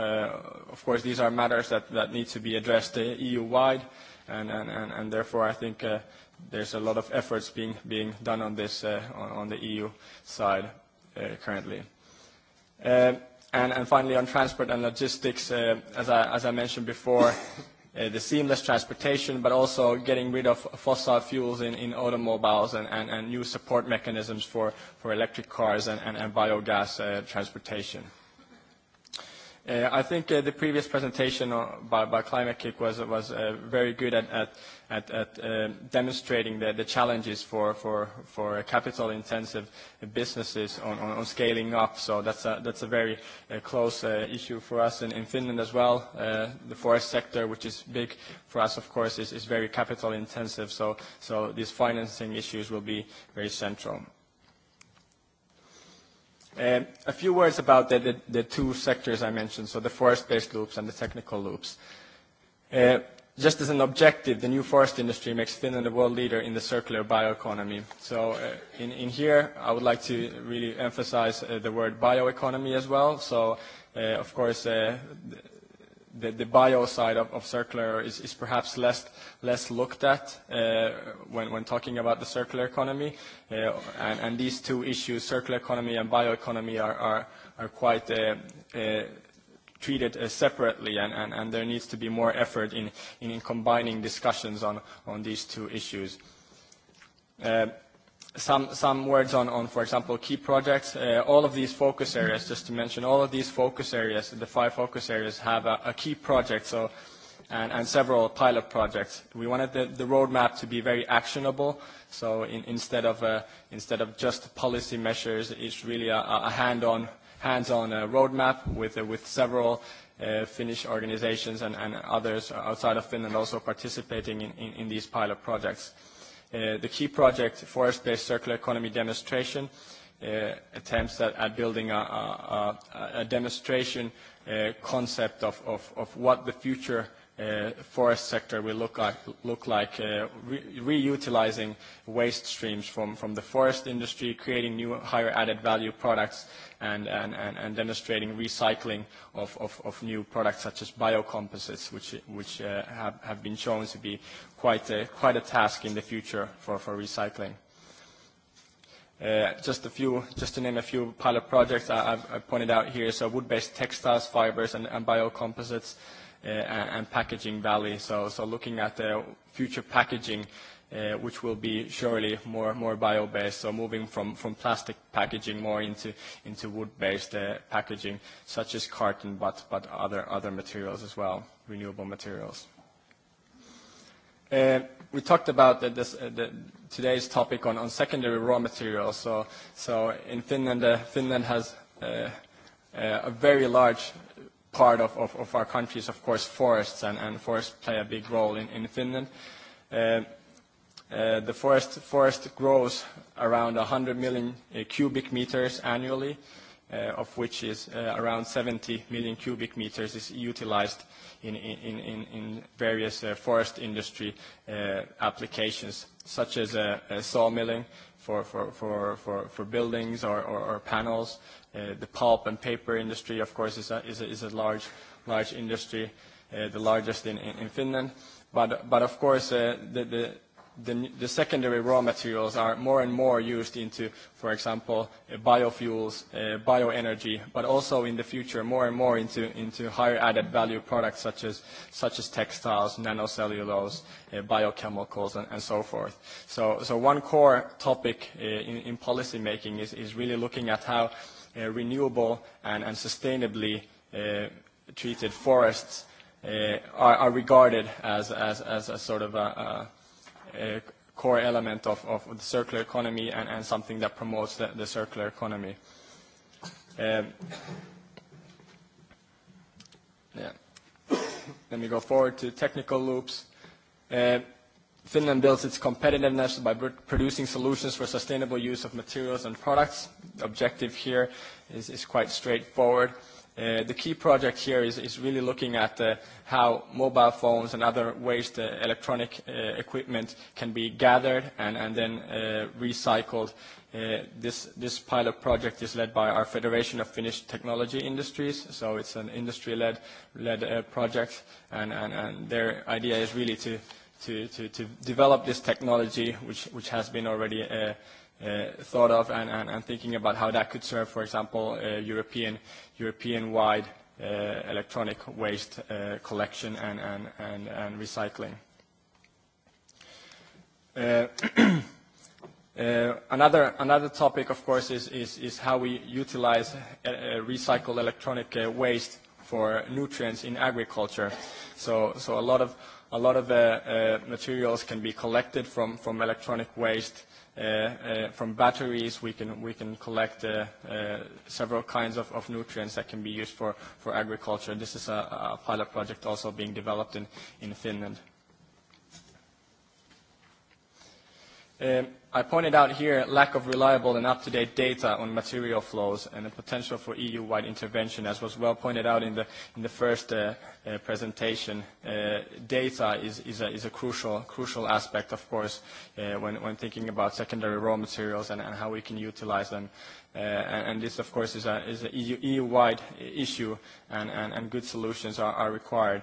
of course, these are matters that, that need to be addressed uh, EU-wide, and, and, and, and therefore I think uh, there's a lot of efforts being, being done on this uh, on, on the EU side uh, currently. Uh, And, finally, on transport and logistics, uh, as, I, as I mentioned before, (laughs) uh, the seamless transportation, but also getting rid of fossil fuels in, in automobiles and, and, and new support mechanisms for, for electric cars and, biogas uh, transportation. Uh, I think uh, the previous presentation uh, by, by Climate Kick was, was uh, very good at, at, at, at uh, demonstrating the, the challenges for, for, for capital-intensive businesses on, on, on scaling up. So that's a, that's a very uh, close uh, issue for us in, in Finland as well. Uh, the forest sector, which is big for us, of course, is, is very capital-intensive. So, so these financing issues will be very central. Um, a few words about the, the, the two sectors I mentioned, so the forest-based loops and the technical loops. Uh, just as an objective, the new forest industry makes Finland a world leader in the circular bioeconomy. So uh, in, in here, I would like to really emphasize uh, the word bioeconomy as well. So, uh, of course, uh, the, the bio side of, of circular is, is perhaps less, less looked at uh, when, when talking about the circular economy. Uh, and, and these two issues, circular economy and bioeconomy, are, are, are quite uh, uh, treated uh, separately, and, and, and there needs to be more effort in, in combining discussions on, on these two issues. Uh, some, some words on, on, for example, key projects. Uh, all of these focus areas, just to mention, all of these focus areas, the five focus areas, have a, a key project so, and, and several pilot projects. We wanted the, the roadmap to be very actionable, so in, instead, of, uh, instead of just policy measures, it's really a, a hand-on hands-on uh, roadmap with, uh, with several uh, Finnish organizations and, and others outside of Finland also participating in, in, in these pilot projects. Uh, the key project, Forest-Based Circular Economy Demonstration, uh, attempts at, at building a, a, a demonstration uh, concept of, of, of what the future uh, forest sector will look like, look like uh, re reutilizing waste streams from, from the forest industry, creating new higher added value products, and, and, and, and demonstrating recycling of, of, of new products such as biocomposites, which, which uh, have, have been shown to be quite a, quite a task in the future for, for recycling. Uh, just a few, just to name a few pilot projects I, I've, I pointed out here, so wood-based textiles, fibers, and, and biocomposites, uh, and, and packaging valley. So, so looking at the future packaging uh, which will be surely more, more bio-based, so moving from, from plastic packaging more into, into wood-based uh, packaging, such as carton, but, but other, other materials as well, renewable materials. Uh, we talked about the, this, uh, the, today's topic on, on secondary raw materials. So, so in Finland, uh, Finland has uh, uh, a very large part of, of, of our country is, of course, forests, and, and forests play a big role in, in Finland. Uh, Uh, the forest, forest grows around 100 million uh, cubic meters annually, uh, of which is uh, around 70 million cubic meters is utilized in, in, in, in various uh, forest industry uh, applications, such as uh, uh, sawmilling for, for, for, for, for buildings or, or, or panels. Uh, the pulp and paper industry, of course, is a, is a, is a large, large industry, uh, the largest in, in, in Finland. But, but of course, uh, the, the the, the secondary raw materials are more and more used into, for example, uh, biofuels, uh, bioenergy, but also in the future more and more into, into higher added value products such as, such as textiles, nanocellulose, uh, biochemicals, and, and so forth. So, so one core topic uh, in, in making is, is really looking at how uh, renewable and, and sustainably uh, treated forests uh, are, are regarded as, as, as a sort of a, a uh, core element of, of the circular economy and, and something that promotes the, the circular economy. Um, yeah. Let me go forward to technical loops. Uh, Finland builds its competitiveness by producing solutions for sustainable use of materials and products. The objective here is, is quite straightforward. Uh, the key project here is, is really looking at uh, how mobile phones and other waste uh, electronic uh, equipment can be gathered and, and then uh, recycled. Uh, this, this pilot project is led by our Federation of Finnish Technology Industries, so it's an industry-led led, uh, project, and, and, and their idea is really to, to, to, to develop this technology, which, which has been already uh, uh, thought of and, and, and thinking about how that could serve, for example, uh, European, European-wide uh, electronic waste uh, collection and, and, and, and recycling. Uh, (clears throat) uh, another, another topic, of course, is, is, is how we utilize uh, uh, recycled electronic uh, waste for nutrients in agriculture. So, so a lot of, a lot of uh, uh, materials can be collected from, from electronic waste Uh, uh, from batteries, we can, we can collect uh, uh, several kinds of, of nutrients that can be used for, for agriculture. This is a, a pilot project also being developed in, in Finland. Um, I pointed out here lack of reliable and up-to-date data on material flows and the potential for EU-wide intervention, as was well pointed out in the, in the first uh, uh, presentation. Uh, data is, is, a, is a crucial, crucial aspect, of course, uh, when, when thinking about secondary raw materials and, and how we can utilize them. Uh, and, and this, of course, is an is a EU-wide e EU issue, and, and, and good solutions are, are required.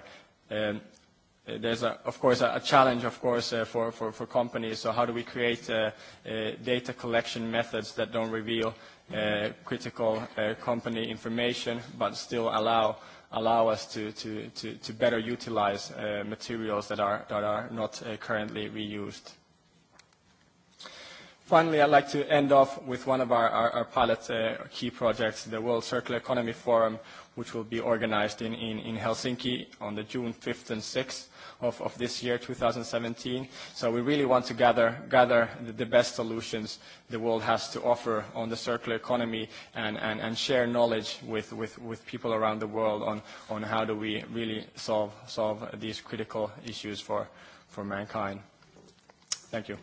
Um, Uh, there's a, of course a, a challenge of course uh, for, for, for companies so how do we create uh, uh, data collection methods that don't reveal uh, critical uh, company information but still allow allow us to, to, to, to better utilize uh, materials that are, that are not uh, currently reused. Finally, I'd like to end off with one of our, our, our pilot uh, key projects, the World Circular Economy Forum, which will be organized in, in, in Helsinki on the June 5th and 6th of, of this year, 2017. So we really want to gather, gather the, the best solutions the world has to offer on the circular economy and, and, and share knowledge with, with, with people around the world on, on how do we really solve, solve these critical issues for, for mankind. Thank you.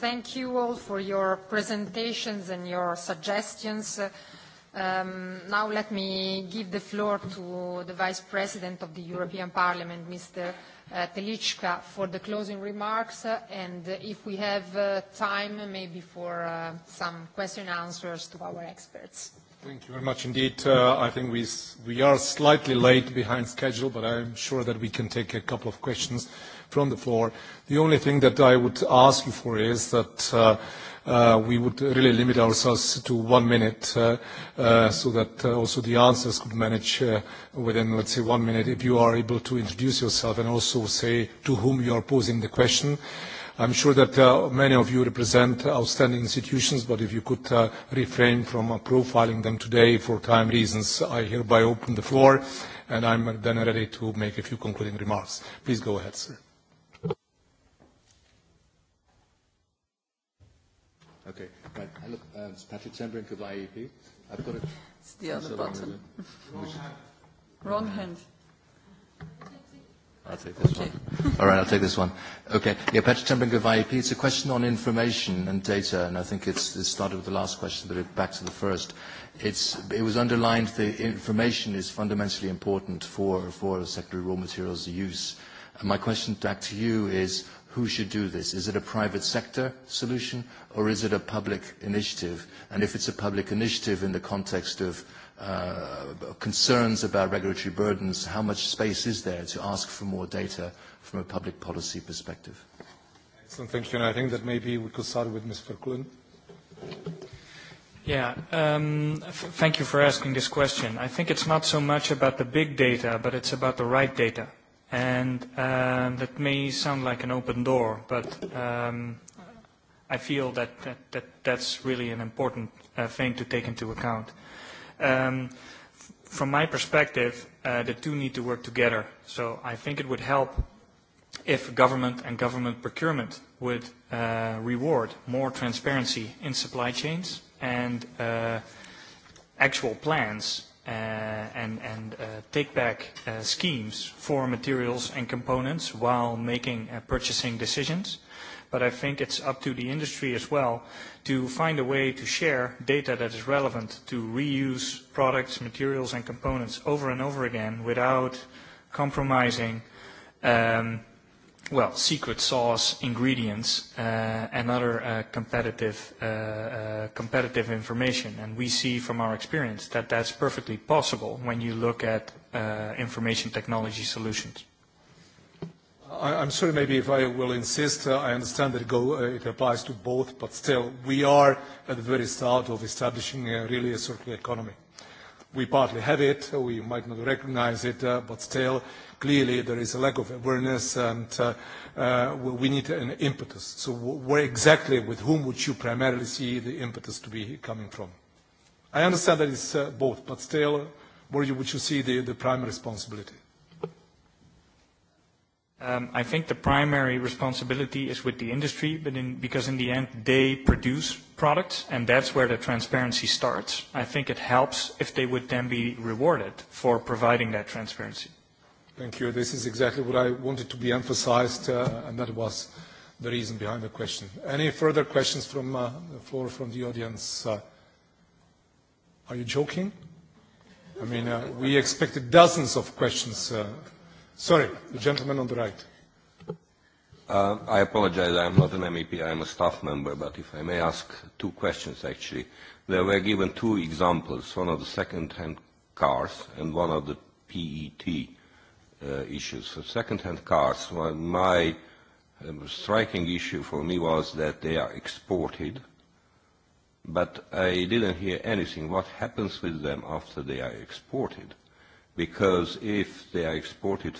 Thank you all for your presentations and your suggestions. Uh Um, now let me give the floor to the Vice President of the European Parliament, Mr. Uh, Telichka, for the closing remarks, uh, and uh, if we have uh, time, maybe for uh, some question and answers to our experts. Thank you very much indeed. Uh, I think we, we are slightly late behind schedule, but I'm sure that we can take a couple of questions from the floor. The only thing that I would ask you for is that uh, uh, we would really limit ourselves to one minute uh, uh, so that uh, also the answers could manage uh, within, let's say, one minute if you are able to introduce yourself and also say to whom you are posing the question. I'm sure that uh, many of you represent outstanding institutions, but if you could uh, refrain from uh, profiling them today for time reasons, I hereby open the floor, and I'm then ready to make a few concluding remarks. Please go ahead, sir. Okay. Right. I uh, look, um, it's Patrick Sembrink of IEP. I've got it. It's the other button. Wrong hand. Wrong hand. I'll take this okay. one. All right, I'll take this one. Okay. Yeah, Patrick Tembrink of IEP. It's a question on information and data, and I think it's, it started with the last question, but it, back to the first. It's, it was underlined that information is fundamentally important for, for secondary raw materials use. And my question back to you is, who should do this? Is it a private sector solution or is it a public initiative? And if it's a public initiative in the context of uh, concerns about regulatory burdens, how much space is there to ask for more data from a public policy perspective? Excellent, thank you. And I think that maybe we could start with Ms. Verkulen. Yeah, um, f thank you for asking this question. I think it's not so much about the big data, but it's about the right data. And um, that may sound like an open door, but um, I feel that, that, that that's really an important uh, thing to take into account. Um, from my perspective, uh, the two need to work together. So I think it would help if government and government procurement would uh, reward more transparency in supply chains and uh, actual plans uh, and, and uh, take-back uh, schemes for materials and components while making uh, purchasing decisions. But I think it's up to the industry as well to find a way to share data that is relevant to reuse products, materials, and components over and over again without compromising um, well, secret sauce, ingredients, uh, and other uh, competitive, uh, uh, competitive information. And we see from our experience that that's perfectly possible when you look at uh, information technology solutions. I, I'm sorry, maybe if I will insist, uh, I understand that it, go, uh, it applies to both, but still, we are at the very start of establishing uh, really a circular economy. We partly have it, we might not recognize it, uh, but still, clearly there is a lack of awareness and uh, uh, we need an impetus. So where exactly, with whom would you primarily see the impetus to be coming from? I understand that it's uh, both, but still, where you, would you see the, the prime responsibility? Um, I think the primary responsibility is with the industry, but in, because in the end they produce products, and that's where the transparency starts. I think it helps if they would then be rewarded for providing that transparency. Thank you. This is exactly what I wanted to be emphasized, uh, and that was the reason behind the question. Any further questions from uh, the floor, from the audience? Uh, are you joking? I mean, uh, we expected dozens of questions. Uh, sorry, the gentleman on the right. Uh, I apologize, I'm not an MEP, I'm a staff member, but if I may ask two questions actually. There were given two examples, one of the second-hand cars and one of the PET uh, issues. So second-hand cars, well, my um, striking issue for me was that they are exported, but I didn't hear anything. What happens with them after they are exported? Because if they are exported,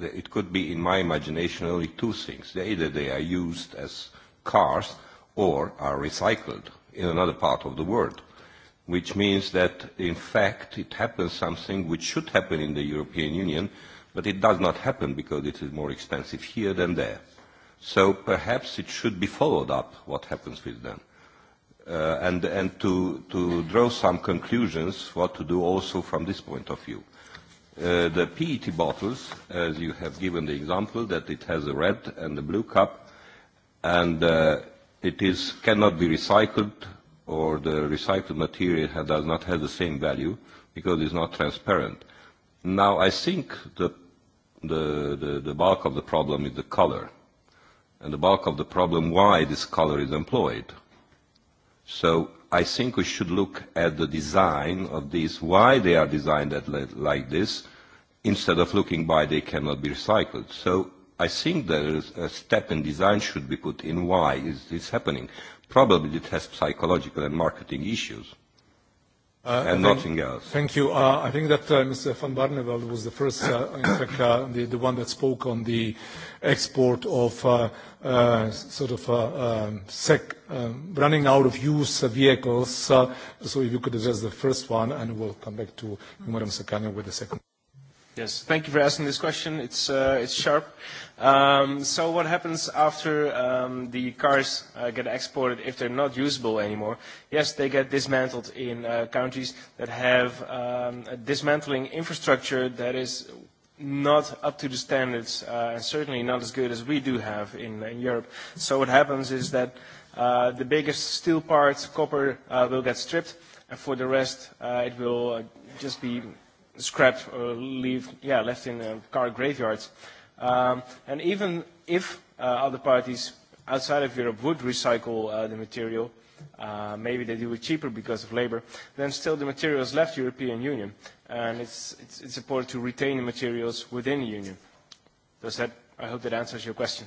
it could be, in my imagination, only two things. Either they are used as cars or are recycled in another part of the world which means that in fact it happens something which should happen in the European Union, But it does not happen because it is more expensive here than there. So perhaps it should be followed up what happens with them. Uh, and and to, to draw some conclusions what to do also from this point of view. Uh, the PET bottles, as you have given the example, that it has a red and a blue cup, and uh, it is, cannot be recycled, or the recycled material does not have the same value because it's not transparent. Now, I think the the, the, the bulk of the problem is the color, and the bulk of the problem why this color is employed. So I think we should look at the design of these, why they are designed at, like this, instead of looking why they cannot be recycled. So I think there is a step in design should be put in why is this happening. Probably it has psychological and marketing issues. Uh, and think, nothing else. Thank you. Uh, I think that uh, Mr. van Barneveld was the first, uh, in fact, uh, the, the one that spoke on the export of uh, uh, sort of uh, uh, sec, uh, running out of use uh vehicles. Uh, so if you could address the first one, and we'll come back to Madam Sakanya with the second. Yes, thank you for asking this question. It's, uh, it's sharp. Um, so what happens after um, the cars uh, get exported if they're not usable anymore? Yes, they get dismantled in uh, countries that have um, a dismantling infrastructure that is not up to the standards uh, and certainly not as good as we do have in, in Europe. So what happens is that uh, the biggest steel parts, copper, uh, will get stripped, and for the rest, uh, it will uh, just be scrap uh, leave, yeah, left in uh, car graveyards. Um, and even if uh, other parties outside of Europe would recycle uh, the material, uh, maybe they do it cheaper because of labor, then still the materials left European Union. And it's, it's, it's important to retain the materials within the Union. Does that, I hope that answers your question.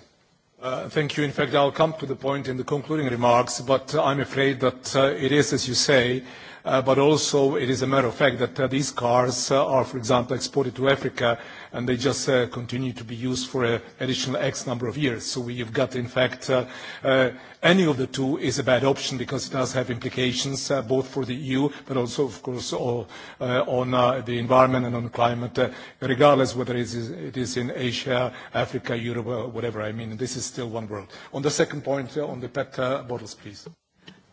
Uh, thank you. In fact, I'll come to the point in the concluding remarks, but uh, I'm afraid that uh, it is, as you say, uh, but also it is a matter of fact that uh, these cars uh, are, for example, exported to Africa and they just uh, continue to be used for an uh, additional X number of years. So have got, in fact, uh, uh, any of the two is a bad option because it does have implications uh, both for the EU, but also, of course, all, uh, on uh, the environment and on climate, uh, regardless whether it is, it is in Asia, Africa, Europe, or whatever. I mean, this is still one world. On the second point, uh, on the PET uh, bottles, please.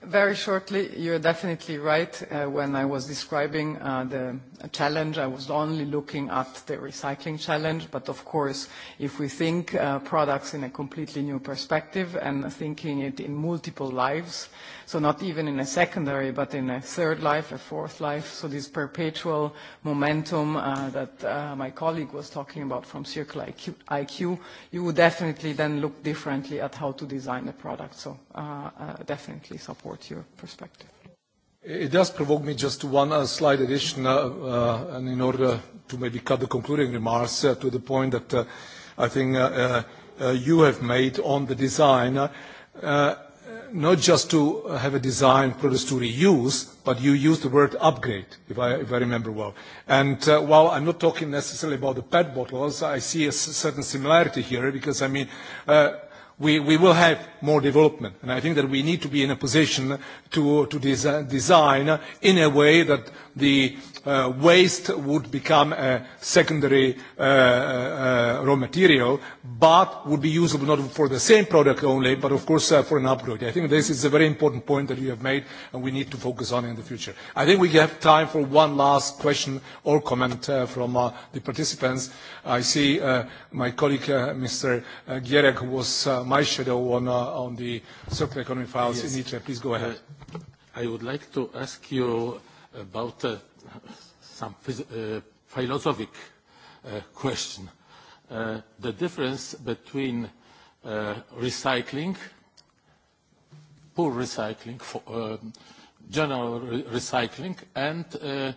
Very shortly, you're definitely right. Uh, when I was describing uh, the challenge, I was only looking at the recycling challenge. But of course, if we think uh, products in a completely new perspective and thinking it in multiple lives, so not even in a secondary, but in a third life, a fourth life. So this perpetual momentum uh, that uh, my colleague was talking about from Circular IQ, IQ, you would definitely then look differently at how to design a product. So uh, uh, definitely support your perspective. It does provoke me just to one uh, slight addition, uh, uh, and in order to maybe cut the concluding remarks uh, to the point that uh, I think uh, uh, uh you have made on the design. Uh, not just to have a design produced to reuse, but you use the word upgrade, if I, if I remember well. And uh, while I'm not talking necessarily about the PET bottles, I see a certain similarity here because, I mean, uh, we, we will have more development. And I think that we need to be in a position to, to des design in a way that the uh, waste would become a secondary uh, uh, uh, raw material, but would be usable not for the same product only, but of course uh, for an upgrade. I think this is a very important point that you have made and we need to focus on in the future. I think we have time for one last question or comment uh, from uh, the participants. I see uh, my colleague, uh, Mr. Uh, Gierek, who was uh, my shadow on, uh, on the circular economy files yes. in Italy. Please go ahead. Uh, I would like to ask you about uh, some phys uh, philosophic uh, question. Uh, the difference between uh, recycling, poor recycling, for, uh, general re recycling, and uh,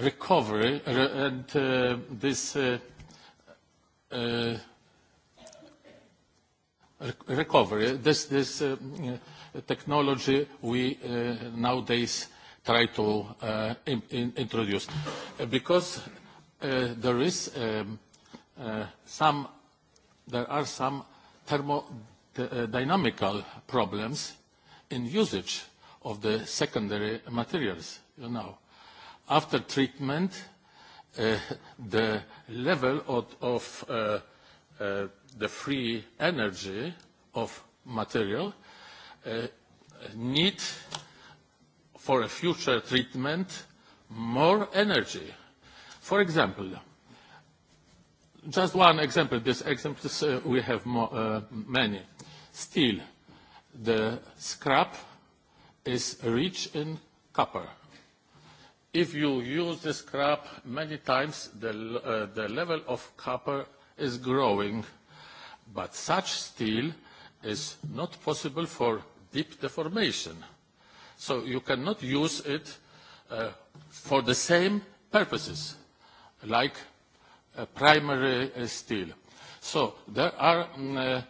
recovery, re uh, and uh, this uh, uh, recovery, this, this uh, technology we uh, nowadays try to uh, in, in introduce. Because uh, there is um, uh, some, there are some thermodynamical uh, problems in usage of the secondary materials, you know. After treatment, uh, the level of, of uh, uh, the free energy of material uh, need for a future treatment more energy. For example, just one example, this example uh, we have more, uh, many. Still, the scrap is rich in copper. If you use the scrap many times, the, uh, the level of copper is growing, but such steel is not possible for deep deformation so you cannot use it uh, for the same purposes, like uh, primary uh, steel. So there are, mm, uh,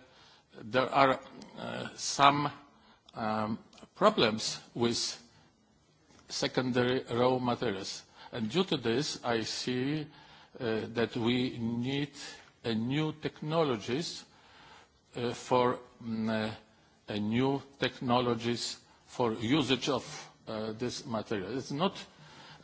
there are uh, some um, problems with secondary raw materials. And due to this, I see uh, that we need a new technologies uh, for um, uh, a new technologies for usage of uh, this material. It's not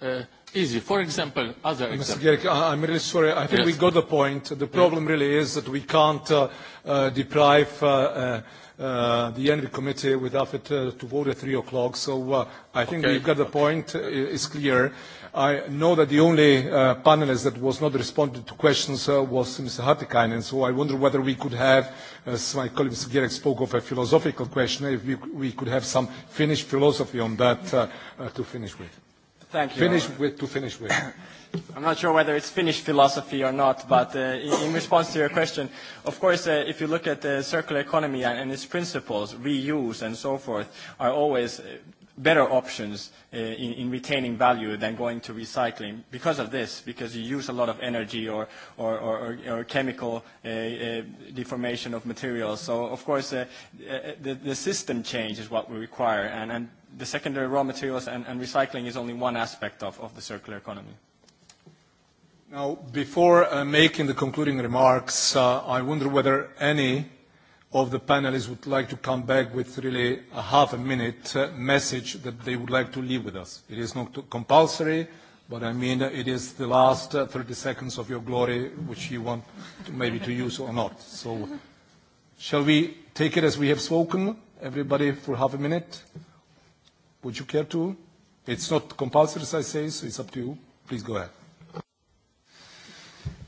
uh, easy. For example, other Mr. examples. Gerke, I'm really sorry. I think yes. we got the point. The problem yes. really is that we can't uh, uh, deprive uh, uh, uh the Envy Committee with effort uh, to vote at 3 o'clock. So uh, I think okay. we've got the okay. point. Uh, it's clear. I know that the only uh, panelist that was not responding to questions uh, was Mr. Hartikainen, so I wonder whether we could have, as my colleague Mr. Gierek spoke of a philosophical question, if we, we could have some Finnish philosophy on that uh, uh, to finish with. Thank you. Finish with, to finish with. (coughs) I'm not sure whether it's Finnish philosophy or not, but uh, in, response to your question, of course, uh, if you look at the circular economy and, and its principles, reuse and so forth, are always uh, better options uh, in, in retaining value than going to recycling because of this, because you use a lot of energy or, or, or, or or chemical uh, uh, deformation of materials. So, of course, uh, uh, the, the system change is what we require, and, and the secondary raw materials and, and recycling is only one aspect of, of the circular economy. Now, before uh, making the concluding remarks, uh, I wonder whether any of the panelists would like to come back with really a half a minute uh, message that they would like to leave with us. It is not compulsory, but I mean it is the last 30 uh, seconds of your glory which you want to maybe to use or not. So shall we take it as we have spoken, everybody for half a minute? Would you care to? It's not compulsory, as I say, so it's up to you. Please go ahead.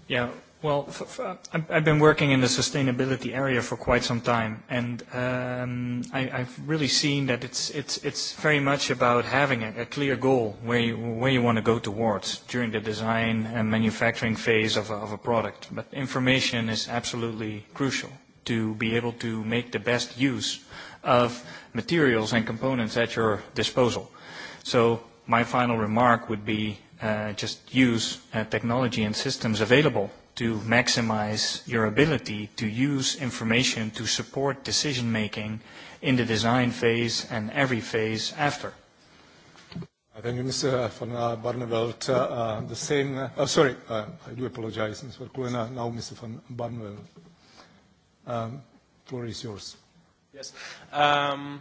Yeah, Well, f f I've been working in the sustainability area for quite some time, and um, I, I've really seen that it's, it's, it's very much about having a, a clear goal where you, where you want to go towards during the design and manufacturing phase of a, of a product. But information is absolutely crucial to be able to make the best use of materials and components at your disposal. So my final remark would be uh, just use uh, technology and systems available to maximize your ability to use information to support decision making in the design phase and every phase after. Uh, thank you, Mr. von uh, uh, Barneveld. Uh, the same, uh, oh, sorry, uh, I do apologize, Mr. Kulena. Now, Mr. von Barneveld. Um, floor is yours. Yes. Um,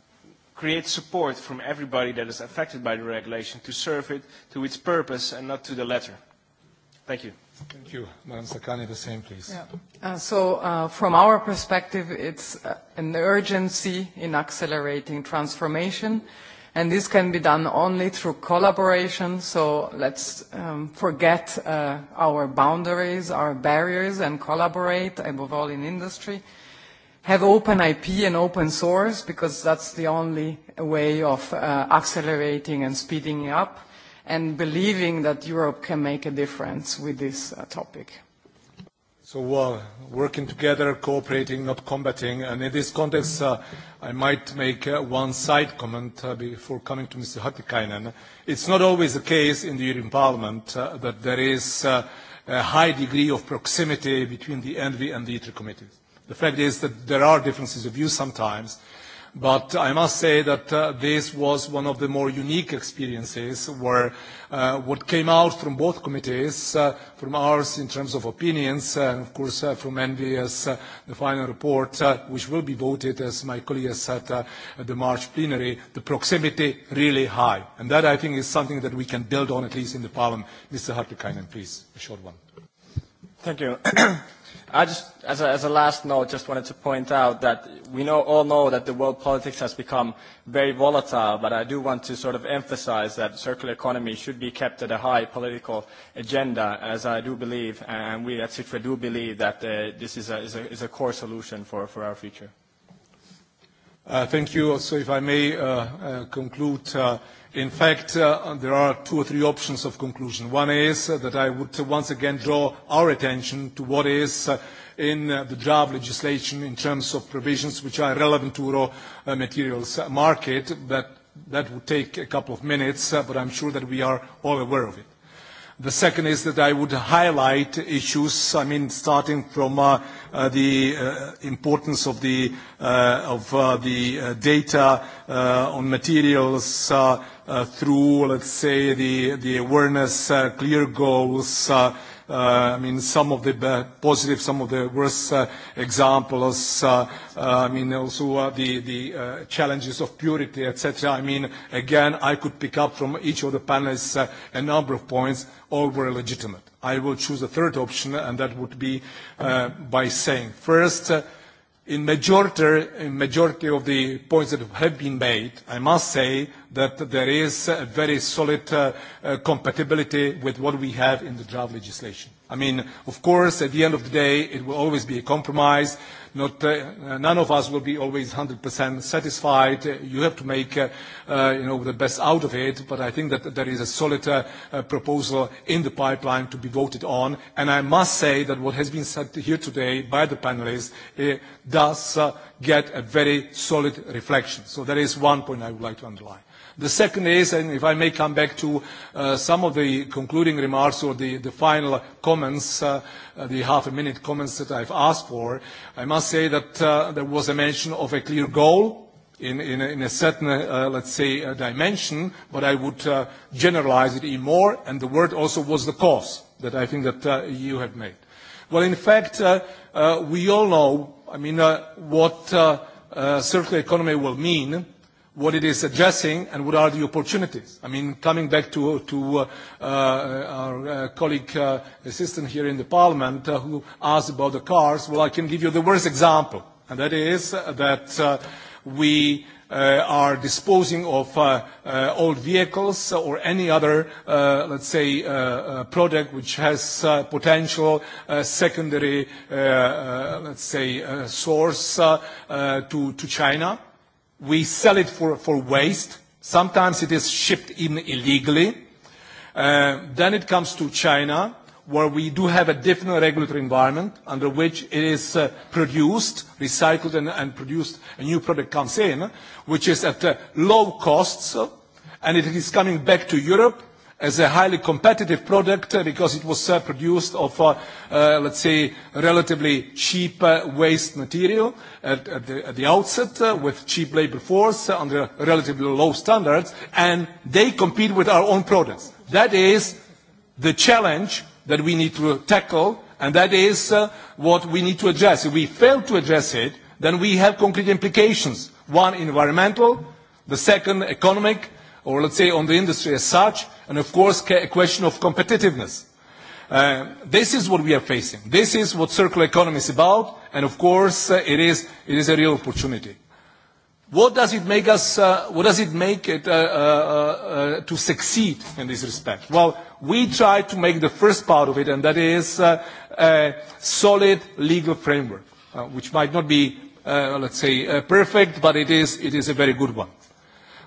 create support from everybody that is affected by the regulation to serve it to its purpose and not to the letter. Thank you. Thank you. Madam Sakani, the same, please. Yeah. Uh, so uh, from our perspective, it's uh, an urgency in accelerating transformation, and this can be done only through collaboration. So let's um, forget uh, our boundaries, our barriers, and collaborate, above all in industry have open IP and open source because that's the only way of uh, accelerating and speeding up and believing that Europe can make a difference with this uh, topic. So uh, working together, cooperating, not combating. And in this context, uh, I might make uh, one side comment uh, before coming to Mr. Hattikainen. It's not always the case in the European Parliament uh, that there is uh, a high degree of proximity between the ENVI and the ITRE committees. The fact is that there are differences of view sometimes, but I must say that uh, this was one of the more unique experiences where uh, what came out from both committees, uh, from ours in terms of opinions, uh, and of course uh, from NV uh, the final report, uh, which will be voted, as my colleague has said, uh, at the March plenary, the proximity really high. And that, I think, is something that we can build on, at least in the Parliament. Mr. Hartikainen, please, a short one. Thank you. (clears throat) I just, as a, as a last note, just wanted to point out that we know, all know that the world politics has become very volatile, but I do want to sort of emphasize that circular economy should be kept at a high political agenda, as I do believe, and we at Citra do believe that uh, this is a, is, a, is a core solution for, for our future. Uh, thank you. Also, if I may uh, uh, conclude, uh, in fact, uh, there are two or three options of conclusion. One is uh, that I would once again draw our attention to what is uh, in uh, the draft legislation in terms of provisions which are relevant to raw uh, materials market. That, that would take a couple of minutes, uh, but I'm sure that we are all aware of it. The second is that I would highlight issues, I mean, starting from uh, uh, the uh, importance of the, uh, of, uh, the uh, data uh, on materials uh, uh, through, let's say, the, the awareness, uh, clear goals, uh, Uh, I mean, some of the positive, some of the worst uh, examples. Uh, uh, I mean, also uh, the, the uh, challenges of purity, etc. I mean, again, I could pick up from each of the panelists a number of points, all were legitimate. I will choose a third option, and that would be by saying, first, in majority, in majority of the points that have been made, I must say that there is a very solid uh, uh, compatibility with what we have in the draft legislation. I mean, of course, at the end of the day, it will always be a compromise. Not, uh, none of us will be always 100% satisfied. You have to make, uh, uh, you know, the best out of it. But I think that there is a solid uh, uh proposal in the pipeline to be voted on. And I must say that what has been said here today by the panelists it eh, does uh, get a very solid reflection. So that is one point I would like to underline. The second is, and if I may come back to uh, some of the concluding remarks or the, the final comments, uh, uh, the half a minute comments that I've asked for, I must say that uh, there was a mention of a clear goal in, in, a, in a certain, uh, let's say, uh, dimension, but I would uh, generalize it even more, and the word also was the cause that I think that uh, you have made. Well, in fact, uh, uh, we all know, I mean, uh, what uh, uh, circular economy will mean what it is addressing and what are the opportunities. I mean, coming back to, to uh, uh, our uh, colleague uh, assistant here in the parliament uh, who asked about the cars, well, I can give you the worst example, and that is uh, that uh, we uh, are disposing of uh, uh, old vehicles or any other, uh, let's say, uh, uh, product which has uh, potential uh, secondary, uh, uh, let's say, uh, source uh, uh, to, to China We sell it for, for waste. Sometimes it is shipped in illegally. Uh, then it comes to China, where we do have a different regulatory environment under which it is uh, produced, recycled and, and produced, a new product comes in, which is at uh, low costs, and it is coming back to Europe as a highly competitive product uh, because it was uh, produced of, uh, uh, let's say, relatively cheap uh, waste material at, at, the, at the outset uh, with cheap labor force uh, under relatively low standards, and they compete with our own products. That is the challenge that we need to tackle, and that is uh, what we need to address. If we fail to address it, then we have concrete implications. One, environmental, the second, economic, or let's say on the industry as such, and of course a question of competitiveness. Uh, this is what we are facing. This is what circular economy is about, and of course uh, it, is, it is a real opportunity. What does it make us, uh, what does it make it uh, uh, uh, uh, to succeed in this respect? Well, we try to make the first part of it, and that is uh, a solid legal framework, uh, which might not be, uh, let's say, uh, perfect, but it is, it is a very good one.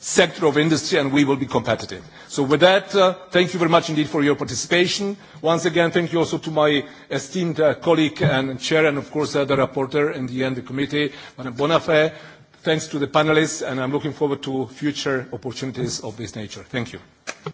sector of industry and we will be competitive. So with that, uh, thank you very much indeed for your participation. Once again, thank you also to my esteemed uh, colleague and chair and of course uh, the rapporteur in the end the committee, Madam Bonafé. Thanks to the panelists and I'm looking forward to future opportunities of this nature. Thank you.